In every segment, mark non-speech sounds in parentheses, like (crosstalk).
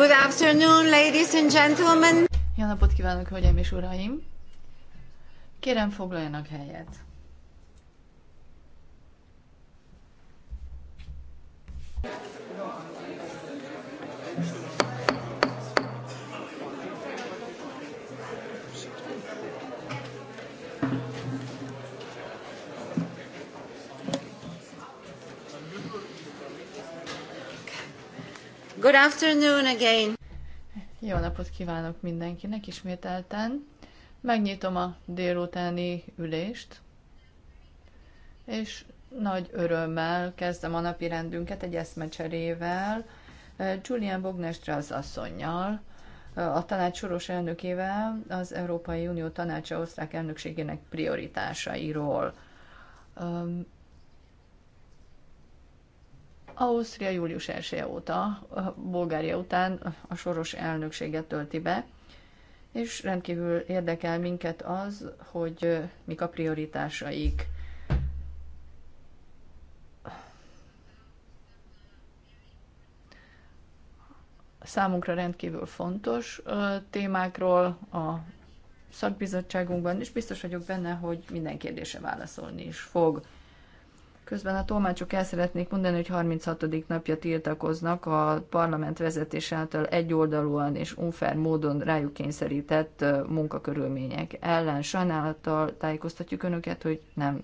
Good afternoon, ladies and gentlemen. Jó napot kívánok, hölgyeim és uraim! Kérem, foglaljanak helyet. Good afternoon again. Jó napot kívánok mindenkinek ismételten. Megnyitom a délutáni ülést, és nagy örömmel kezdem a napi rendünket egy eszmecserével, eh, Julian az asszonynal, eh, a tanács soros elnökével az Európai Unió tanácsa osztrák elnökségének prioritásairól. Ausztria július 1 óta, Bulgária után a soros elnökséget tölti be, és rendkívül érdekel minket az, hogy mik a prioritásaik. Számunkra rendkívül fontos témákról a szakbizottságunkban, és biztos vagyok benne, hogy minden kérdése válaszolni is fog. Közben a tolmácsok el szeretnék mondani, hogy 36. napja tiltakoznak a parlament vezetés által egyoldalúan és unfair módon rájuk kényszerített munkakörülmények ellen. Sajnálattal tájékoztatjuk Önöket, hogy nem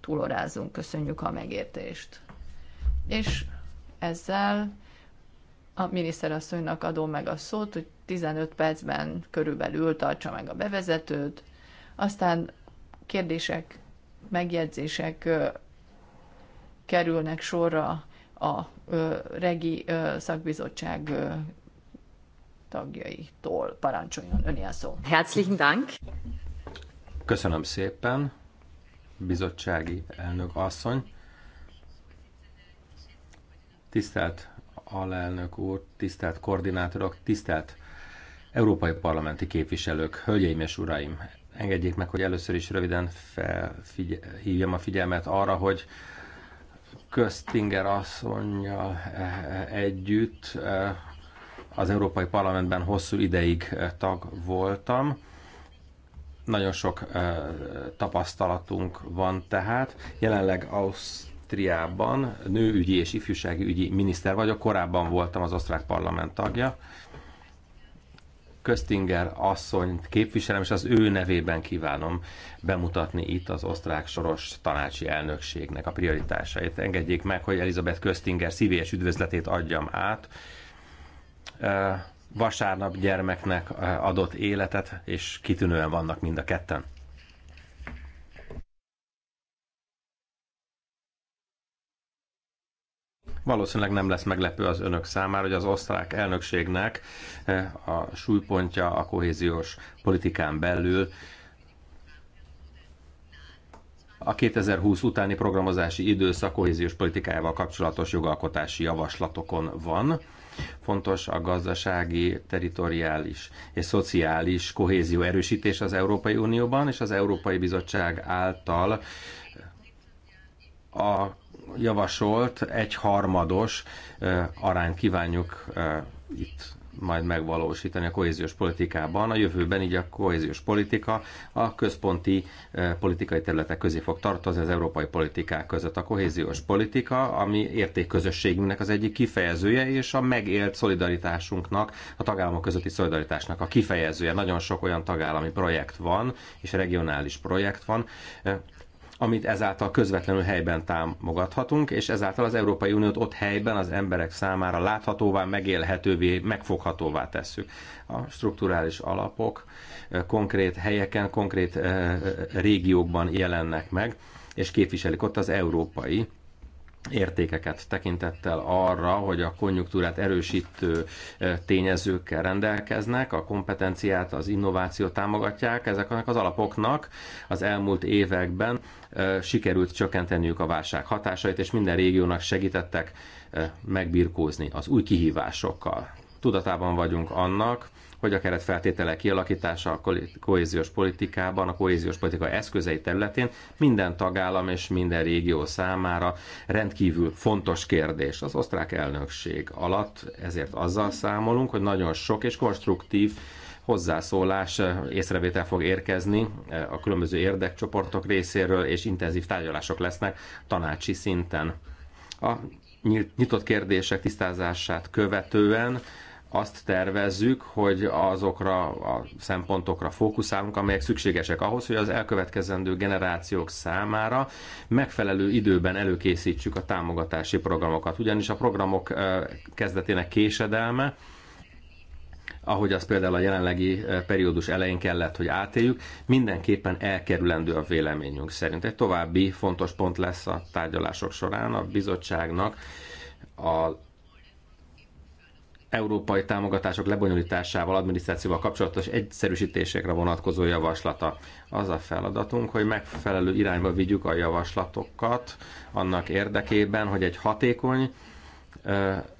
túlorázunk. Köszönjük a megértést. És ezzel a miniszterasszonynak adom meg a szót, hogy 15 percben körülbelül tartsa meg a bevezetőt, aztán kérdések, megjegyzések kerülnek sorra a regi szakbizottság tagjaitól. Parancsoljon, ön a szó. Herzlichen Dank! Köszönöm szépen, bizottsági elnök asszony. Tisztelt alelnök úr, tisztelt koordinátorok, tisztelt európai parlamenti képviselők, hölgyeim és uraim! Engedjék meg, hogy először is röviden felhívjam a figyelmet arra, hogy Köztinger asszonya eh, együtt eh, az Európai Parlamentben hosszú ideig eh, tag voltam. Nagyon sok tapasztalatunk van tehát. Jelenleg Ausztriában nőügyi és ifjúsági ügyi miniszter vagyok, korábban voltam az osztrák parlament tagja. Köztinger asszonyt képviselem, és az ő nevében kívánom bemutatni itt az osztrák soros tanácsi elnökségnek a prioritásait. Engedjék meg, hogy Elizabeth Köztinger szívélyes üdvözletét adjam át. Vasárnap gyermeknek adott életet, és kitűnően vannak mind a ketten. Valószínűleg nem lesz meglepő az önök számára, hogy az osztrák elnökségnek eh, a súlypontja a kohéziós politikán belül a 2020 utáni programozási időszak kohéziós politikájával kapcsolatos jogalkotási javaslatokon van. Fontos a gazdasági, teritoriális és szociális kohézió erősítés az Európai Unióban, és az Európai Bizottság által a javasolt egy harmados arányt kívánjuk itt majd megvalósítani a kohéziós politikában. A jövőben így a kohéziós politika a központi politikai területek közé fog tartozni az európai politikák között. A kohéziós politika, ami értékközösségünknek az egyik kifejezője, és a megélt szolidaritásunknak, a tagállamok közötti szolidaritásnak a kifejezője. Nagyon sok olyan tagállami projekt van, és regionális projekt van, amit ezáltal közvetlenül helyben támogathatunk, és ezáltal az Európai Uniót ott helyben az emberek számára láthatóvá, megélhetővé, megfoghatóvá tesszük. A strukturális alapok eh, konkrét helyeken, konkrét eh, eh, régiókban jelennek meg, és képviselik ott az európai értékeket tekintettel arra, hogy a konjunktúrát erősítő tényezőkkel rendelkeznek, a kompetenciát, az innovációt támogatják, ezeknek az alapoknak az elmúlt években sikerült csökkenteniük a válság hatásait, és minden régiónak segítettek megbirkózni az új kihívásokkal. Tudatában vagyunk annak, hogy a keretfeltételek kialakítása a kohéziós politikában, a kohéziós politika eszközei területén minden tagállam és minden régió számára rendkívül fontos kérdés. Az osztrák elnökség alatt ezért azzal számolunk, hogy nagyon sok és konstruktív hozzászólás, eh, észrevétel fog érkezni eh, a különböző érdekcsoportok részéről, és intenzív tárgyalások lesznek tanácsi szinten. A nyitott kérdések tisztázását követően azt tervezzük, hogy azokra a szempontokra fókuszálunk, amelyek szükségesek ahhoz, hogy az elkövetkezendő generációk számára megfelelő időben előkészítsük a támogatási programokat. Ugyanis a programok kezdetének késedelme, ahogy az például a jelenlegi periódus elején kellett, hogy átéljük, mindenképpen elkerülendő a véleményünk szerint. Egy további fontos pont lesz a tárgyalások során a bizottságnak a európai támogatások lebonyolításával, adminisztrációval kapcsolatos egyszerűsítésekre vonatkozó javaslata. Az a feladatunk, hogy megfelelő irányba vigyük a javaslatokat annak érdekében, hogy egy hatékony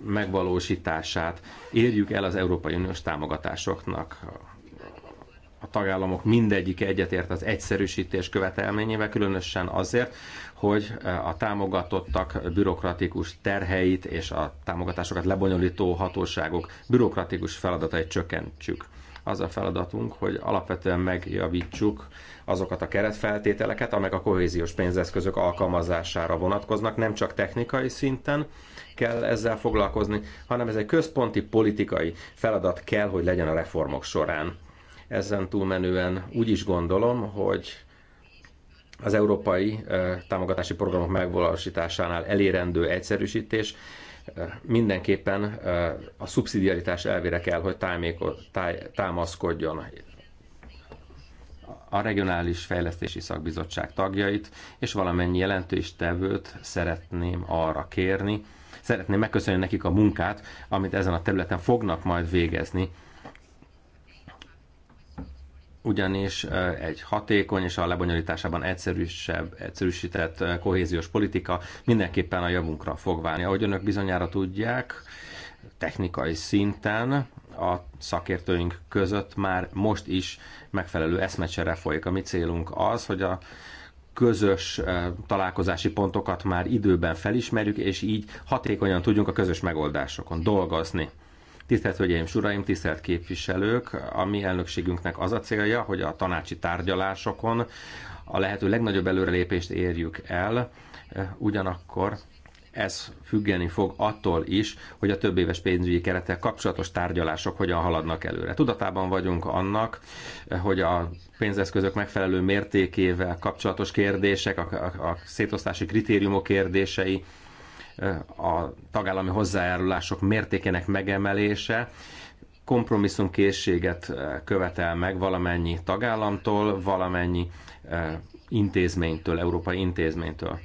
megvalósítását érjük el az Európai Uniós támogatásoknak a tagállamok mindegyike egyetért az egyszerűsítés követelményével, különösen azért, hogy a támogatottak bürokratikus terheit és a támogatásokat lebonyolító hatóságok bürokratikus feladatait csökkentsük. Az a feladatunk, hogy alapvetően megjavítsuk azokat a keretfeltételeket, amelyek a kohéziós pénzeszközök alkalmazására vonatkoznak, nem csak technikai szinten kell ezzel foglalkozni, hanem ez egy központi politikai feladat kell, hogy legyen a reformok során ezen túlmenően úgy is gondolom, hogy az európai eh, támogatási programok megvalósításánál elérendő egyszerűsítés eh, mindenképpen eh, a szubszidiaritás elvére kell, hogy támaszkodjon a Regionális Fejlesztési Szakbizottság tagjait, és valamennyi jelentős tevőt szeretném arra kérni, szeretném megköszönni nekik a munkát, amit ezen a területen fognak majd végezni, ugyanis egy hatékony és a lebonyolításában egyszerűsebb, egyszerűsített kohéziós politika mindenképpen a javunkra fog válni. Ahogy önök bizonyára tudják, technikai szinten a szakértőink között már most is megfelelő eszmecsere folyik. A mi célunk az, hogy a közös találkozási pontokat már időben felismerjük, és így hatékonyan tudjunk a közös megoldásokon dolgozni. Tisztelt Hölgyeim, Uraim, tisztelt képviselők, a mi elnökségünknek az a célja, hogy a tanácsi tárgyalásokon a lehető legnagyobb előrelépést érjük el, ugyanakkor ez függeni fog attól is, hogy a több éves pénzügyi kerettel kapcsolatos tárgyalások hogyan haladnak előre. Tudatában vagyunk annak, hogy a pénzeszközök megfelelő mértékével kapcsolatos kérdések, a, a, a szétosztási kritériumok kérdései, a tagállami hozzájárulások mértékének megemelése kompromisszumkészséget e, követel meg valamennyi tagállamtól, valamennyi e, intézménytől, európai intézménytől.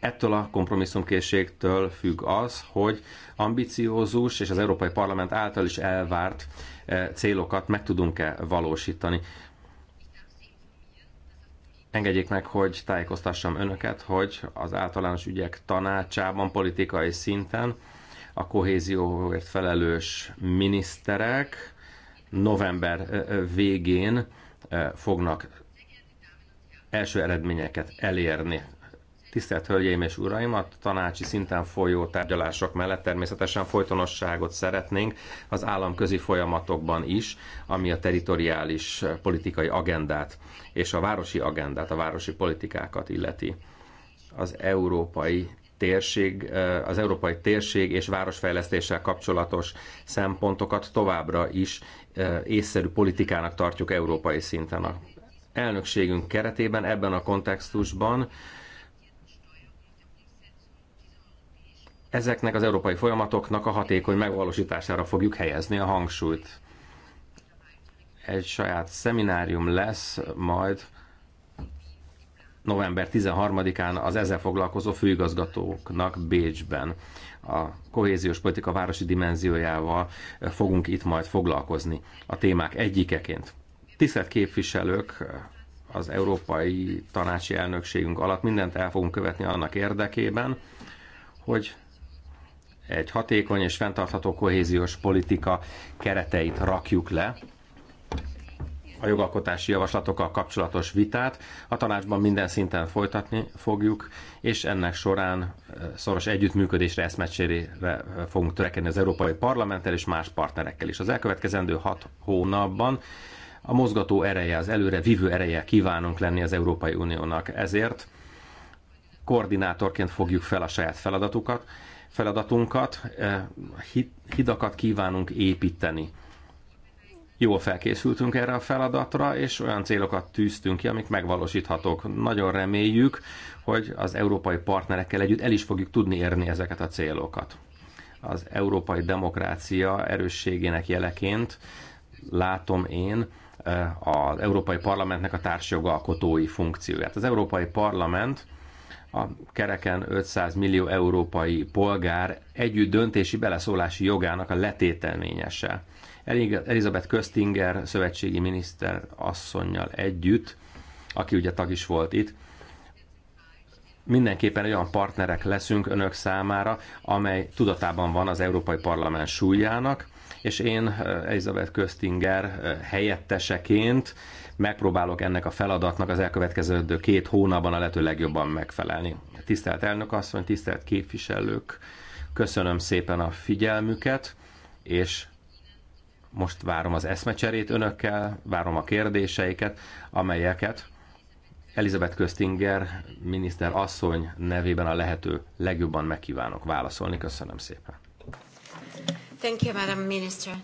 Ettől a kompromisszumkészségtől függ az, hogy ambiciózus és az Európai Parlament által is elvárt e, célokat meg tudunk-e valósítani. Engedjék meg, hogy tájékoztassam önöket, hogy az általános ügyek tanácsában, politikai szinten a kohézióért felelős miniszterek november végén fognak első eredményeket elérni. Tisztelt Hölgyeim és Uraim, a tanácsi szinten folyó tárgyalások mellett természetesen folytonosságot szeretnénk az államközi folyamatokban is, ami a teritoriális politikai agendát és a városi agendát, a városi politikákat illeti. Az európai térség, az európai térség és városfejlesztéssel kapcsolatos szempontokat továbbra is e, észszerű politikának tartjuk európai szinten. A elnökségünk keretében ebben a kontextusban ezeknek az európai folyamatoknak a hatékony megvalósítására fogjuk helyezni a hangsúlyt. Egy saját szeminárium lesz majd november 13-án az ezzel foglalkozó főigazgatóknak Bécsben. A kohéziós politika városi dimenziójával fogunk itt majd foglalkozni a témák egyikeként. Tisztelt képviselők, az európai tanácsi elnökségünk alatt mindent el fogunk követni annak érdekében, hogy egy hatékony és fenntartható kohéziós politika kereteit rakjuk le, a jogalkotási javaslatokkal kapcsolatos vitát a tanácsban minden szinten folytatni fogjuk, és ennek során szoros együttműködésre, eszmecsérére fogunk törekedni az Európai Parlamenttel és más partnerekkel is. Az elkövetkezendő hat hónapban a mozgató ereje, az előre vívő ereje kívánunk lenni az Európai Uniónak. Ezért koordinátorként fogjuk fel a saját feladatukat, feladatunkat, eh, hidakat kívánunk építeni. Jól felkészültünk erre a feladatra, és olyan célokat tűztünk ki, amik megvalósíthatók. Nagyon reméljük, hogy az európai partnerekkel együtt el is fogjuk tudni érni ezeket a célokat. Az európai demokrácia erősségének jeleként látom én, eh, az Európai Parlamentnek a társjogalkotói funkcióját. Az Európai Parlament a kereken 500 millió európai polgár együtt döntési beleszólási jogának a letételményese. Elizabeth Köstinger szövetségi miniszter asszonynal együtt, aki ugye tag is volt itt, mindenképpen olyan partnerek leszünk önök számára, amely tudatában van az Európai Parlament súlyának, és én eh, Elizabeth Köstinger eh, helyetteseként megpróbálok ennek a feladatnak az elkövetkező két hónapban a lehető legjobban megfelelni. Tisztelt elnök asszony, tisztelt képviselők, köszönöm szépen a figyelmüket, és most várom az eszmecserét önökkel, várom a kérdéseiket, amelyeket Elizabeth Köztinger miniszter asszony nevében a lehető legjobban megkívánok válaszolni. Köszönöm szépen. Thank you, Madam Minister.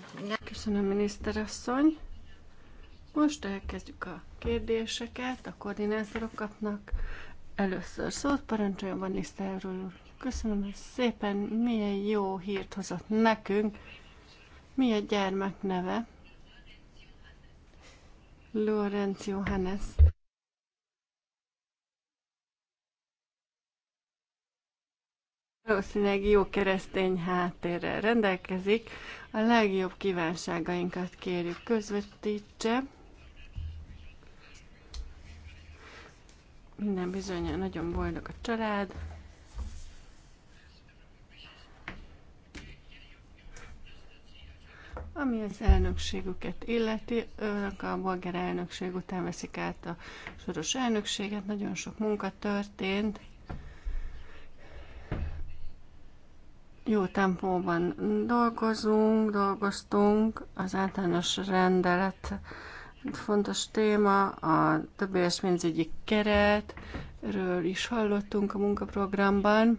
Köszönöm, miniszter asszony. Most elkezdjük a kérdéseket, a koordinátorok kapnak először szót, parancsoljon Van Lisztáról úr. Köszönöm szépen, milyen jó hírt hozott nekünk. Mi a gyermek neve? Lorenz Johannes. Valószínűleg jó keresztény háttérrel rendelkezik. A legjobb kívánságainkat kérjük közvetítse. Minden bizony, nagyon boldog a család. Ami az elnökségüket illeti, önök a bolgár elnökség után veszik át a soros elnökséget, nagyon sok munka történt. Jó tempóban dolgozunk, dolgoztunk, az általános rendelet Fontos téma a több pénzügyi keretről is hallottunk a munkaprogramban.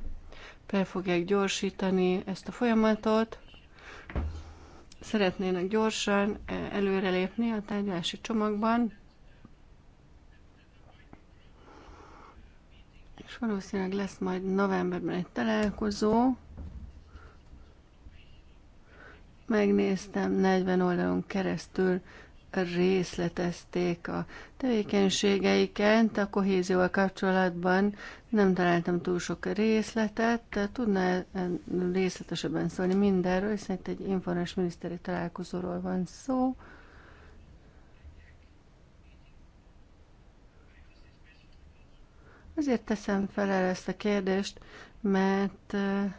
Fel fogják gyorsítani ezt a folyamatot. Szeretnének gyorsan e, előrelépni a tárgyalási csomagban. És valószínűleg lesz majd novemberben egy találkozó. Megnéztem 40 oldalon keresztül részletezték a tevékenységeiket a kohézióval kapcsolatban. Nem találtam túl sok részletet. Tudná részletesebben szólni mindenről, hiszen itt egy informális miniszteri találkozóról van szó. Azért teszem fel el ezt a kérdést, mert eh,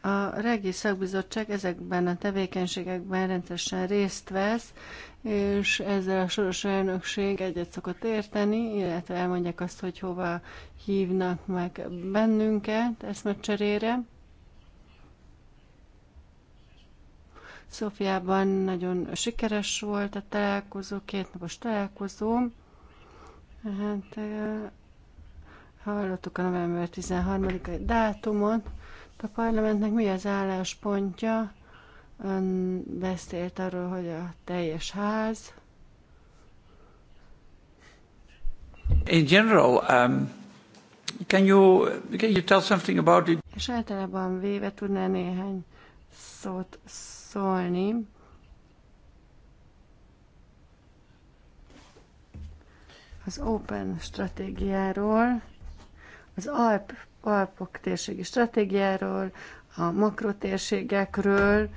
a regi szakbizottság ezekben a tevékenységekben rendszeresen részt vesz, és ezzel a soros elnökség egyet szokott érteni, illetve elmondják azt, hogy hova hívnak meg bennünket Ezt cserére. Szofiában nagyon sikeres volt a találkozó, két napos találkozó. Hát, hallottuk a november 13-ai dátumot. A parlamentnek mi az álláspontja Ön beszélt arról, hogy a teljes ház. In general, um, can you can you tell something about it? És általában véve tudná néhány szót szólni. Az Open stratégiáról, az Alp, Alpok térségi stratégiáról, a makrotérségekről,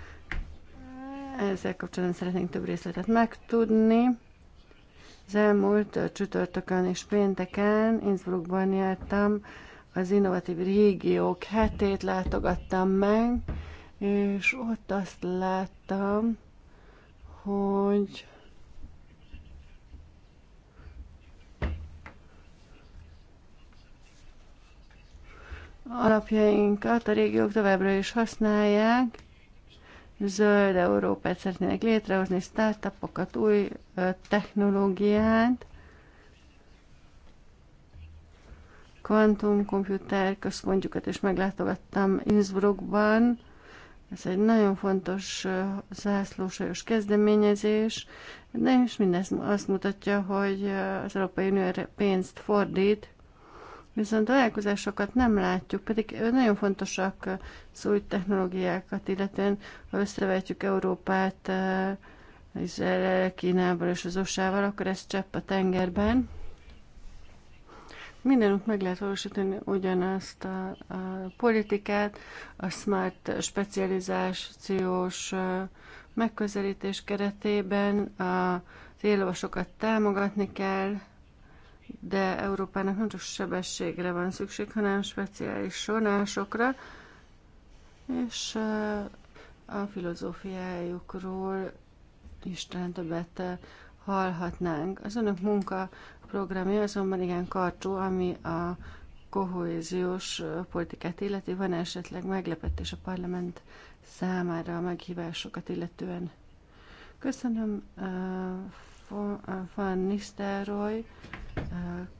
ezzel kapcsolatban szeretnénk több részletet megtudni. Az elmúlt csütörtökön és pénteken Innsbruckban jártam, az innovatív régiók hetét látogattam meg, és ott azt láttam, hogy alapjainkat a régiók továbbra is használják, zöld Európát szeretnének létrehozni, startupokat, új technológiát, kvantumkomputer központjukat is meglátogattam Innsbruckban. Ez egy nagyon fontos zászlósajos kezdeményezés, de is mindez azt mutatja, hogy az Európai Unió pénzt fordít viszont találkozásokat nem látjuk, pedig nagyon fontosak az új technológiákat, illetően ha összevetjük Európát eh, Izrael, Kínával és az USA-val, akkor ez csepp a tengerben. Mindenütt meg lehet valósítani ugyanazt a, a politikát, a smart specializációs eh, megközelítés keretében a élvasokat támogatni kell, de Európának nem csak sebességre van szükség, hanem speciális sonásokra, és eh, a filozófiájukról is többet eh, hallhatnánk. Az önök munka programja azonban igen karcsú, ami a kohéziós eh, politikát illeti. Van -e esetleg meglepetés a parlament számára a meghívásokat illetően? Köszönöm, uh, Van Nisztároly.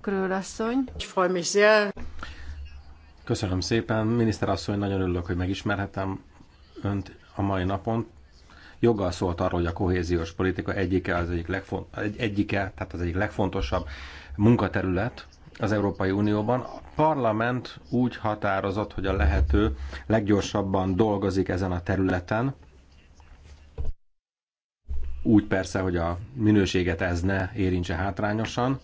Krőlasszony. Köszönöm szépen, miniszterasszony, nagyon örülök, hogy megismerhetem önt a mai napon. Joggal szólt arról, hogy a kohéziós politika egyike az egyik, legfont, egy, egyike, tehát az egyik legfontosabb munkaterület, az Európai Unióban. A parlament úgy határozott, hogy a lehető leggyorsabban dolgozik ezen a területen, úgy persze, hogy a minőséget ez ne érintse hátrányosan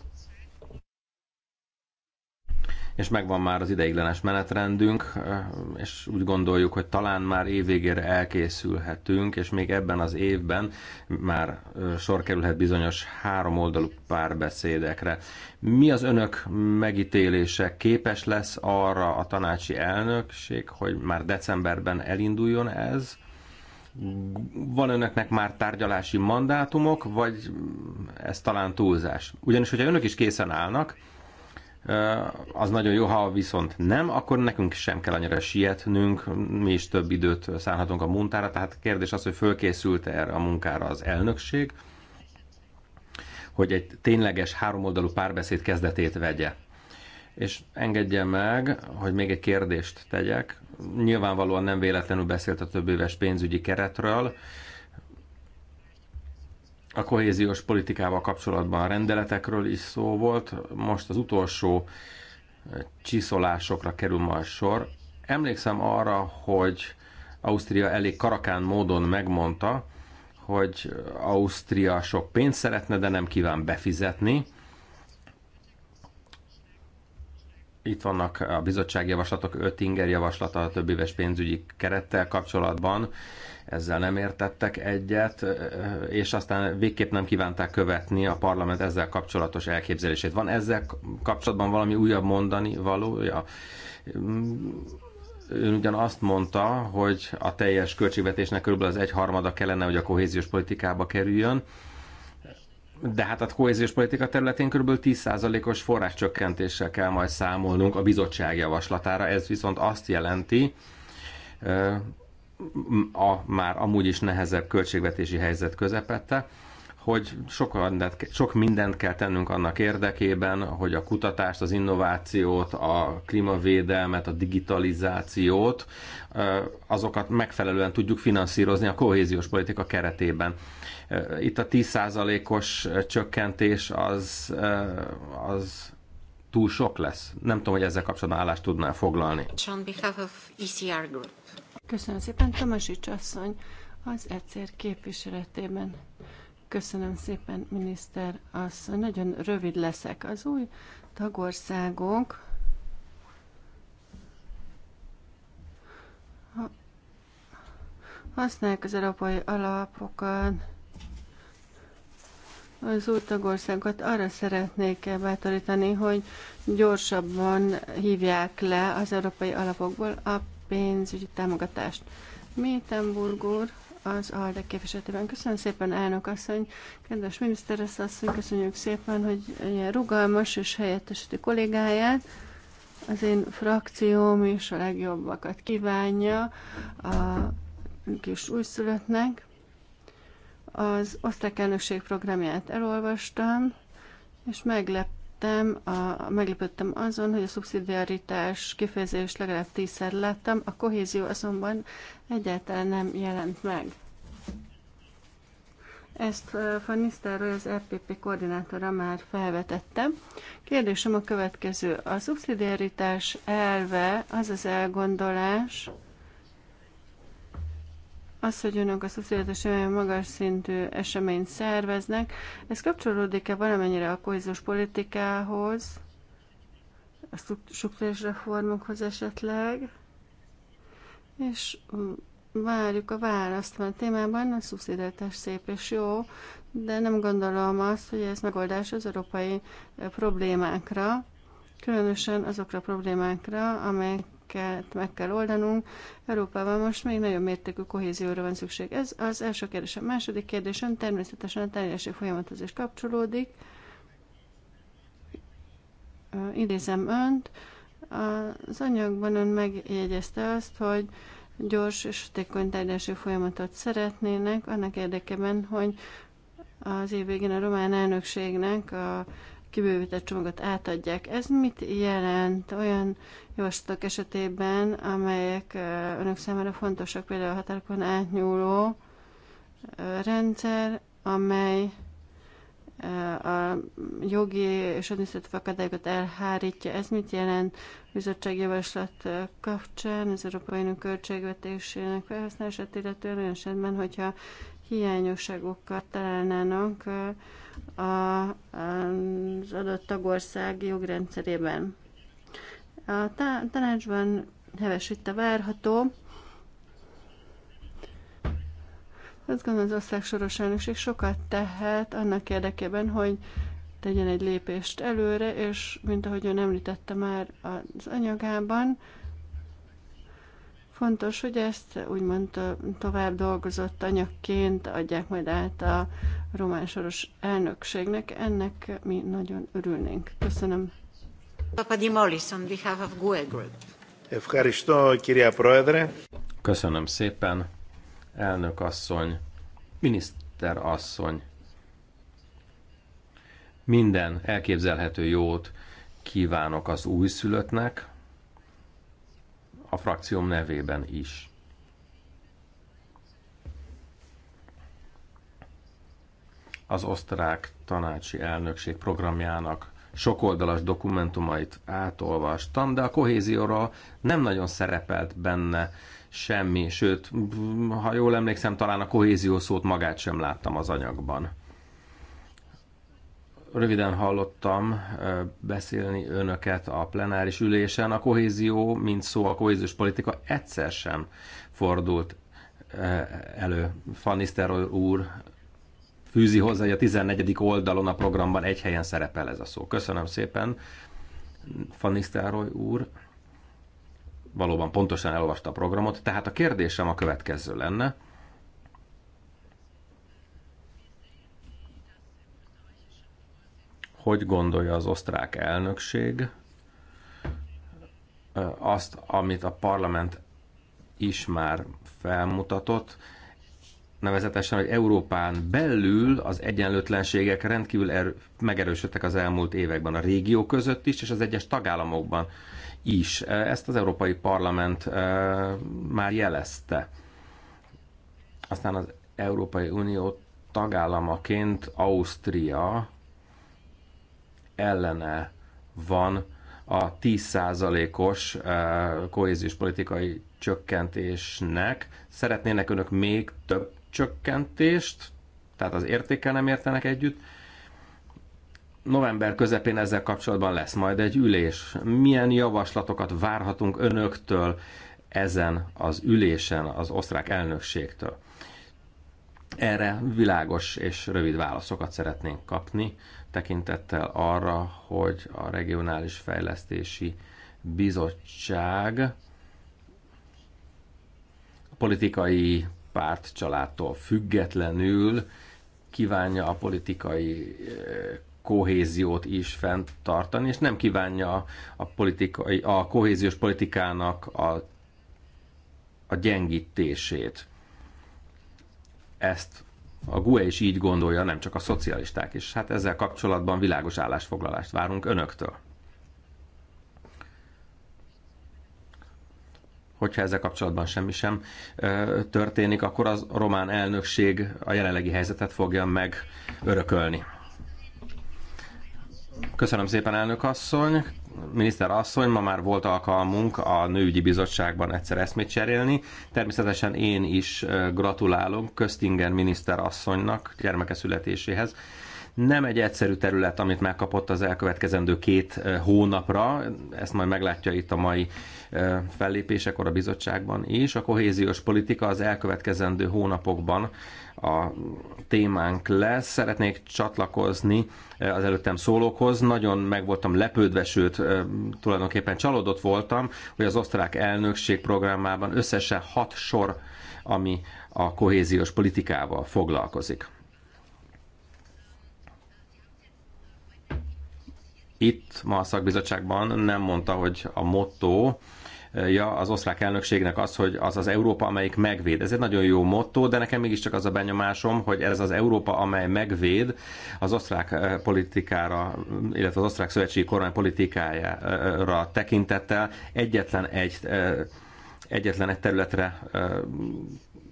és megvan már az ideiglenes menetrendünk, és úgy gondoljuk, hogy talán már évvégére elkészülhetünk, és még ebben az évben már sor kerülhet bizonyos háromoldalú párbeszédekre. Mi az önök megítélése képes lesz arra a tanácsi elnökség, hogy már decemberben elinduljon ez? van önöknek már tárgyalási mandátumok, vagy ez talán túlzás? Ugyanis, hogyha önök is készen állnak, az nagyon jó, ha viszont nem, akkor nekünk sem kell annyira sietnünk, mi is több időt szállhatunk a munkára, tehát kérdés az, hogy fölkészült -e erre a munkára az elnökség, hogy egy tényleges háromoldalú párbeszéd kezdetét vegye. És engedje meg, hogy még egy kérdést tegyek. Nyilvánvalóan nem véletlenül beszélt a több éves pénzügyi keretről, a kohéziós politikával kapcsolatban a rendeletekről is szó volt. Most az utolsó eh, csiszolásokra kerül majd sor. Emlékszem arra, hogy Ausztria elég karakán módon megmondta, hogy Ausztria sok pénzt szeretne, de nem kíván befizetni Itt vannak a bizottság javaslatok, Öttinger javaslata a többéves pénzügyi kerettel kapcsolatban ezzel nem értettek egyet, és aztán végképp nem kívánták követni a parlament ezzel kapcsolatos elképzelését. Van ezzel kapcsolatban valami újabb mondani valója? Ön ugyan azt mondta, hogy a teljes költségvetésnek körülbelül az egyharmada kellene, hogy a kohéziós politikába kerüljön, de hát a kohéziós politika területén kb. 10%-os forráscsökkentéssel kell majd számolnunk a bizottság javaslatára. Ez viszont azt jelenti, a már amúgy is nehezebb költségvetési helyzet közepette, hogy sok mindent kell tennünk annak érdekében, hogy a kutatást, az innovációt, a klímavédelmet, a digitalizációt, azokat megfelelően tudjuk finanszírozni a kohéziós politika keretében. Itt a 10%-os csökkentés az, az túl sok lesz. Nem tudom, hogy ezzel kapcsolatban állást tudnál foglalni. E Köszönöm szépen, Tomasics asszony az ECR képviseletében. Köszönöm szépen, miniszter asszony. Nagyon rövid leszek. Az új tagországok használják az európai alapokat, az új tagországokat arra szeretnék bátorítani, hogy gyorsabban hívják le az európai alapokból a pénzügyi támogatást. Métenburg úr az ALDE képviseletében. Köszönöm szépen, elnök asszony, kedves miniszteres asszony, köszönjük szépen, hogy ilyen rugalmas és helyettesítő kollégáját. Az én frakcióm is a legjobbakat kívánja a kis újszülöttnek. Az osztrák elnökség programját elolvastam, és meglep meglepődtem, a, meglepődtem azon, hogy a szubszidiaritás kifejezést legalább tízszer láttam, a kohézió azonban egyáltalán nem jelent meg. Ezt Van Nisztelről az RPP koordinátora már felvetette. Kérdésem a következő. A szubszidiaritás elve az az elgondolás, az, hogy önök a szociális olyan magas szintű eseményt szerveznek, ez kapcsolódik-e valamennyire a kohéziós politikához, a struktúrás reformokhoz esetleg, és mm, várjuk a választ, mert a témában a szubszidiáltás szép és jó, de nem gondolom azt, hogy ez megoldás az európai problémákra, különösen azokra a problémákra, amelyek kell, meg kell oldanunk. Európában most még nagyon mértékű kohézióra van szükség. Ez az első kérdés, a Második kérdésem természetesen a tárgyalási folyamathoz is kapcsolódik. Idézem önt. Az anyagban ön megjegyezte azt, hogy gyors és hatékony tárgyalási folyamatot szeretnének, annak érdekében, hogy az év végén a román elnökségnek a kibővített csomagot átadják. Ez mit jelent olyan javaslatok esetében, amelyek önök számára fontosak, például a határokon átnyúló rendszer, amely a jogi és adminisztratív akadályokat elhárítja. Ez mit jelent a bizottságjavaslat kapcsán, az Európai Unió költségvetésének felhasználását, illetően olyan esetben, hogyha hiányosságokat találnának a, az adott tagország jogrendszerében. A tanácsban heves itt a várható. Azt gondolom az ország soros elnökség sokat tehet annak érdekében, hogy tegyen egy lépést előre, és mint ahogy ön említette már az anyagában, Fontos, hogy ezt úgymond tovább dolgozott anyagként adják majd át a román soros elnökségnek. Ennek mi nagyon örülnénk. Köszönöm. Papadimolis on behalf of GUE Group. Köszönöm szépen, elnök asszony, miniszter asszony. Minden elképzelhető jót kívánok az újszülöttnek, a frakcióm nevében is. Az osztrák tanácsi elnökség programjának sokoldalas dokumentumait átolvastam, de a kohézióra nem nagyon szerepelt benne semmi, sőt, ha jól emlékszem, talán a kohézió szót magát sem láttam az anyagban röviden hallottam beszélni önöket a plenáris ülésen. A kohézió, mint szó, a kohéziós politika egyszer sem fordult elő. Fanister úr fűzi hozzá, hogy a 14. oldalon a programban egy helyen szerepel ez a szó. Köszönöm szépen, Fanisztároly úr. Valóban pontosan elolvasta a programot. Tehát a kérdésem a következő lenne hogy gondolja az osztrák elnökség azt, amit a parlament is már felmutatott, nevezetesen, hogy Európán belül az egyenlőtlenségek rendkívül er- megerősödtek az elmúlt években a régió között is, és az egyes tagállamokban is. Ezt az Európai Parlament már jelezte. Aztán az Európai Unió tagállamaként Ausztria ellene van a 10%-os eh, kohéziós politikai csökkentésnek. Szeretnének önök még több csökkentést, tehát az értékkel nem értenek együtt. November közepén ezzel kapcsolatban lesz majd egy ülés. Milyen javaslatokat várhatunk önöktől ezen az ülésen, az osztrák elnökségtől? Erre világos és rövid válaszokat szeretnénk kapni, tekintettel arra, hogy a Regionális Fejlesztési Bizottság politikai családtól függetlenül kívánja a politikai eh, kohéziót is fenntartani, és nem kívánja a, politikai, a kohéziós politikának a, a gyengítését. Ezt a GUE is így gondolja, nem csak a szocialisták is. Hát ezzel kapcsolatban világos állásfoglalást várunk önöktől. Hogyha ezzel kapcsolatban semmi sem ö, történik, akkor az román elnökség a jelenlegi helyzetet fogja meg örökölni. Köszönöm szépen, elnök asszony. Miniszter asszony, ma már volt alkalmunk a nőügyi bizottságban egyszer eszmét cserélni. Természetesen én is gratulálok Köztingen miniszter asszonynak gyermeke születéséhez nem egy egyszerű terület, amit megkapott az elkövetkezendő két hónapra, ezt majd meglátja itt a mai fellépésekor a bizottságban is. A kohéziós politika az elkövetkezendő hónapokban a témánk lesz. Szeretnék csatlakozni eh, az előttem szólókhoz. Nagyon meg voltam lepődve, sőt eh, tulajdonképpen csalódott voltam, hogy az osztrák elnökség programában összesen hat sor, ami a kohéziós politikával foglalkozik. Itt ma a szakbizottságban nem mondta, hogy a motto ja az osztrák elnökségnek az, hogy az az Európa, amelyik megvéd. Ez egy nagyon jó motto, de nekem mégiscsak az a benyomásom, hogy ez az Európa, amely megvéd, az osztrák politikára, illetve az osztrák szövetségi kormány politikájára tekintettel egyetlen egy egyetlen egy területre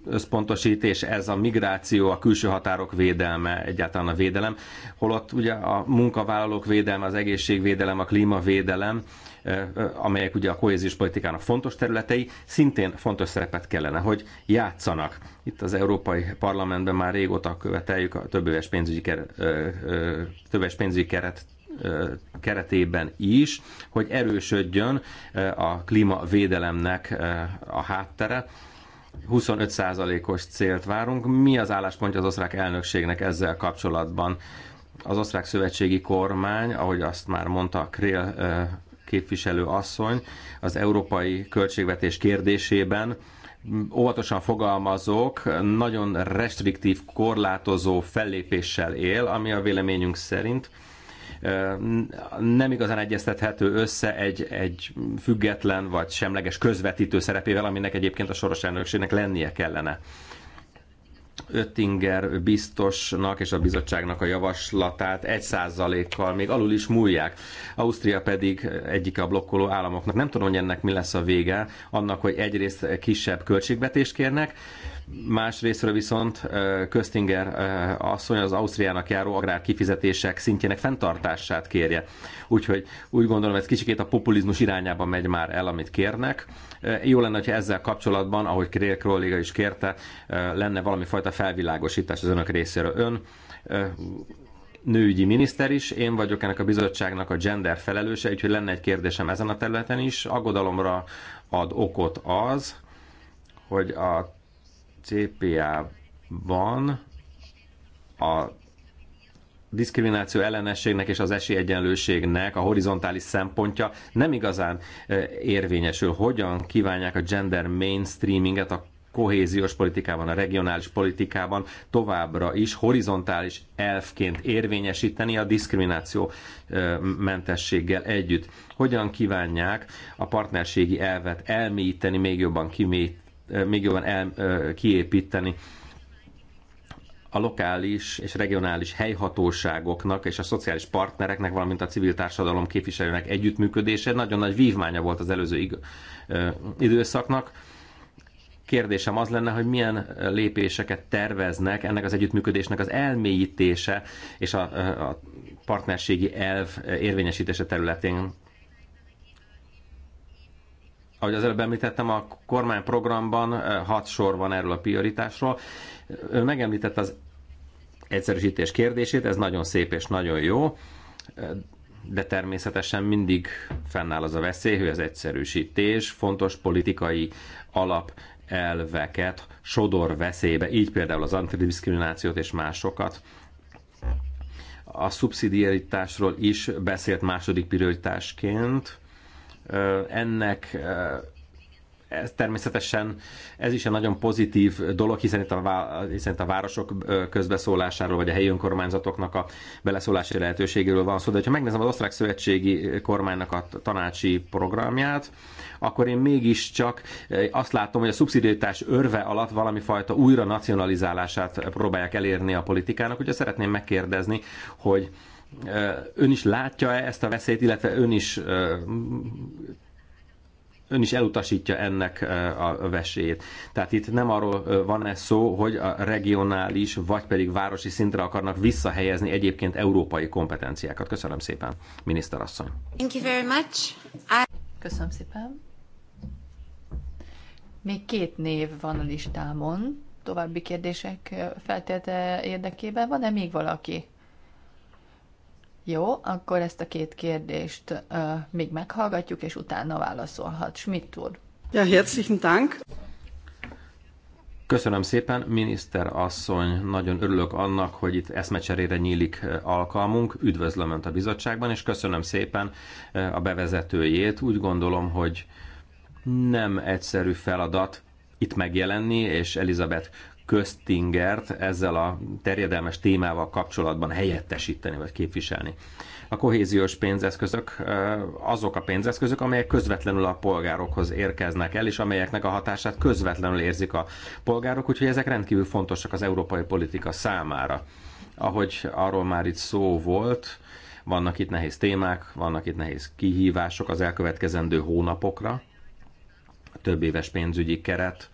összpontosít, és ez a migráció, a külső határok védelme, egyáltalán a védelem. Holott ugye a munkavállalók védelme, az egészségvédelem, a klímavédelem, eh, eh, amelyek ugye a kohéziós politikának fontos területei, szintén fontos szerepet kellene, hogy játszanak. Itt az Európai Parlamentben már régóta követeljük a eh, éves pénzügyi, keret, éves pénzügyi keret keretében is, hogy erősödjön a klímavédelemnek a háttere, 25%-os célt várunk. Mi az álláspontja az osztrák elnökségnek ezzel kapcsolatban? Az osztrák szövetségi kormány, ahogy azt már mondta Krél képviselő asszony, az európai költségvetés kérdésében óvatosan fogalmazok, nagyon restriktív, korlátozó fellépéssel él, ami a véleményünk szerint nem igazán egyeztethető össze egy, egy független vagy semleges közvetítő szerepével, aminek egyébként a soros elnökségnek lennie kellene. Öttinger biztosnak és a bizottságnak a javaslatát egy kal még alul is múlják. Ausztria pedig egyik a blokkoló államoknak. Nem tudom, hogy ennek mi lesz a vége, annak, hogy egyrészt kisebb költségvetést kérnek, Másrésztről viszont Köztinger asszony az Ausztriának járó agrár kifizetések szintjének fenntartását kérje. Úgyhogy úgy gondolom, ez kicsikét a populizmus irányába megy már el, amit kérnek. Jó lenne, hogyha ezzel kapcsolatban, ahogy Krél kolléga is kérte, lenne valami fajta felvilágosítás az önök részéről. Ön nőügyi miniszter is, én vagyok ennek a bizottságnak a gender felelőse, úgyhogy lenne egy kérdésem ezen a területen is. Aggodalomra ad okot az, hogy a CPA-ban a diszkrimináció ellenességnek és az esélyegyenlőségnek a horizontális szempontja nem igazán e, érvényesül. Hogyan kívánják a gender mainstreaminget a kohéziós politikában, a regionális politikában továbbra is horizontális elfként érvényesíteni a diszkrimináció e, mentességgel együtt. Hogyan kívánják a partnerségi elvet elmélyíteni, még jobban még jobban el, kiépíteni a lokális és regionális helyhatóságoknak és a szociális partnereknek, valamint a civil társadalom képviselőnek együttműködése nagyon nagy vívmánya volt az előző időszaknak. Kérdésem az lenne, hogy milyen lépéseket terveznek ennek az együttműködésnek az elmélyítése és a, a partnerségi elv érvényesítése területén ahogy az előbb említettem, a kormányprogramban eh, hat sor van erről a prioritásról. Ön megemlített az egyszerűsítés kérdését, ez nagyon szép és nagyon jó, eh, de természetesen mindig fennáll az a veszély, hogy az egyszerűsítés fontos politikai alap elveket sodor veszélybe, így például az antidiszkriminációt és másokat. A szubszidiaritásról is beszélt második prioritásként, ennek ez természetesen ez is egy nagyon pozitív dolog, hiszen itt, a, hiszen itt a városok közbeszólásáról, vagy a helyi önkormányzatoknak a beleszólási lehetőségéről van szó. De ha megnézem az osztrák szövetségi kormánynak a tanácsi programját, akkor én mégiscsak azt látom, hogy a szubszidiaritás örve alatt valami fajta újra nacionalizálását próbálják elérni a politikának. Ugye szeretném megkérdezni, hogy Ön is látja-e ezt a veszélyt, illetve ön is, ön is elutasítja ennek a vesélyét? Tehát itt nem arról van ez szó, hogy a regionális vagy pedig városi szintre akarnak visszahelyezni egyébként európai kompetenciákat. Köszönöm szépen, miniszterasszony. Thank you very much. I... Köszönöm szépen. Még két név van a listámon. További kérdések feltétele érdekében. Van-e még valaki? Jó, akkor ezt a két kérdést uh, még meghallgatjuk, és utána válaszolhat. Schmidt úr. Ja, herzlichen Dank. Köszönöm szépen, miniszter asszony, nagyon örülök annak, hogy itt eszmecserére nyílik alkalmunk. Üdvözlöm Önt a bizottságban, és köszönöm szépen a bevezetőjét. Úgy gondolom, hogy nem egyszerű feladat itt megjelenni, és Elizabeth köztingert ezzel a terjedelmes témával kapcsolatban helyettesíteni vagy képviselni. A kohéziós pénzeszközök azok a pénzeszközök, amelyek közvetlenül a polgárokhoz érkeznek el, és amelyeknek a hatását közvetlenül érzik a polgárok, úgyhogy ezek rendkívül fontosak az európai politika számára. Ahogy arról már itt szó volt, vannak itt nehéz témák, vannak itt nehéz kihívások az elkövetkezendő hónapokra, a több éves pénzügyi keret,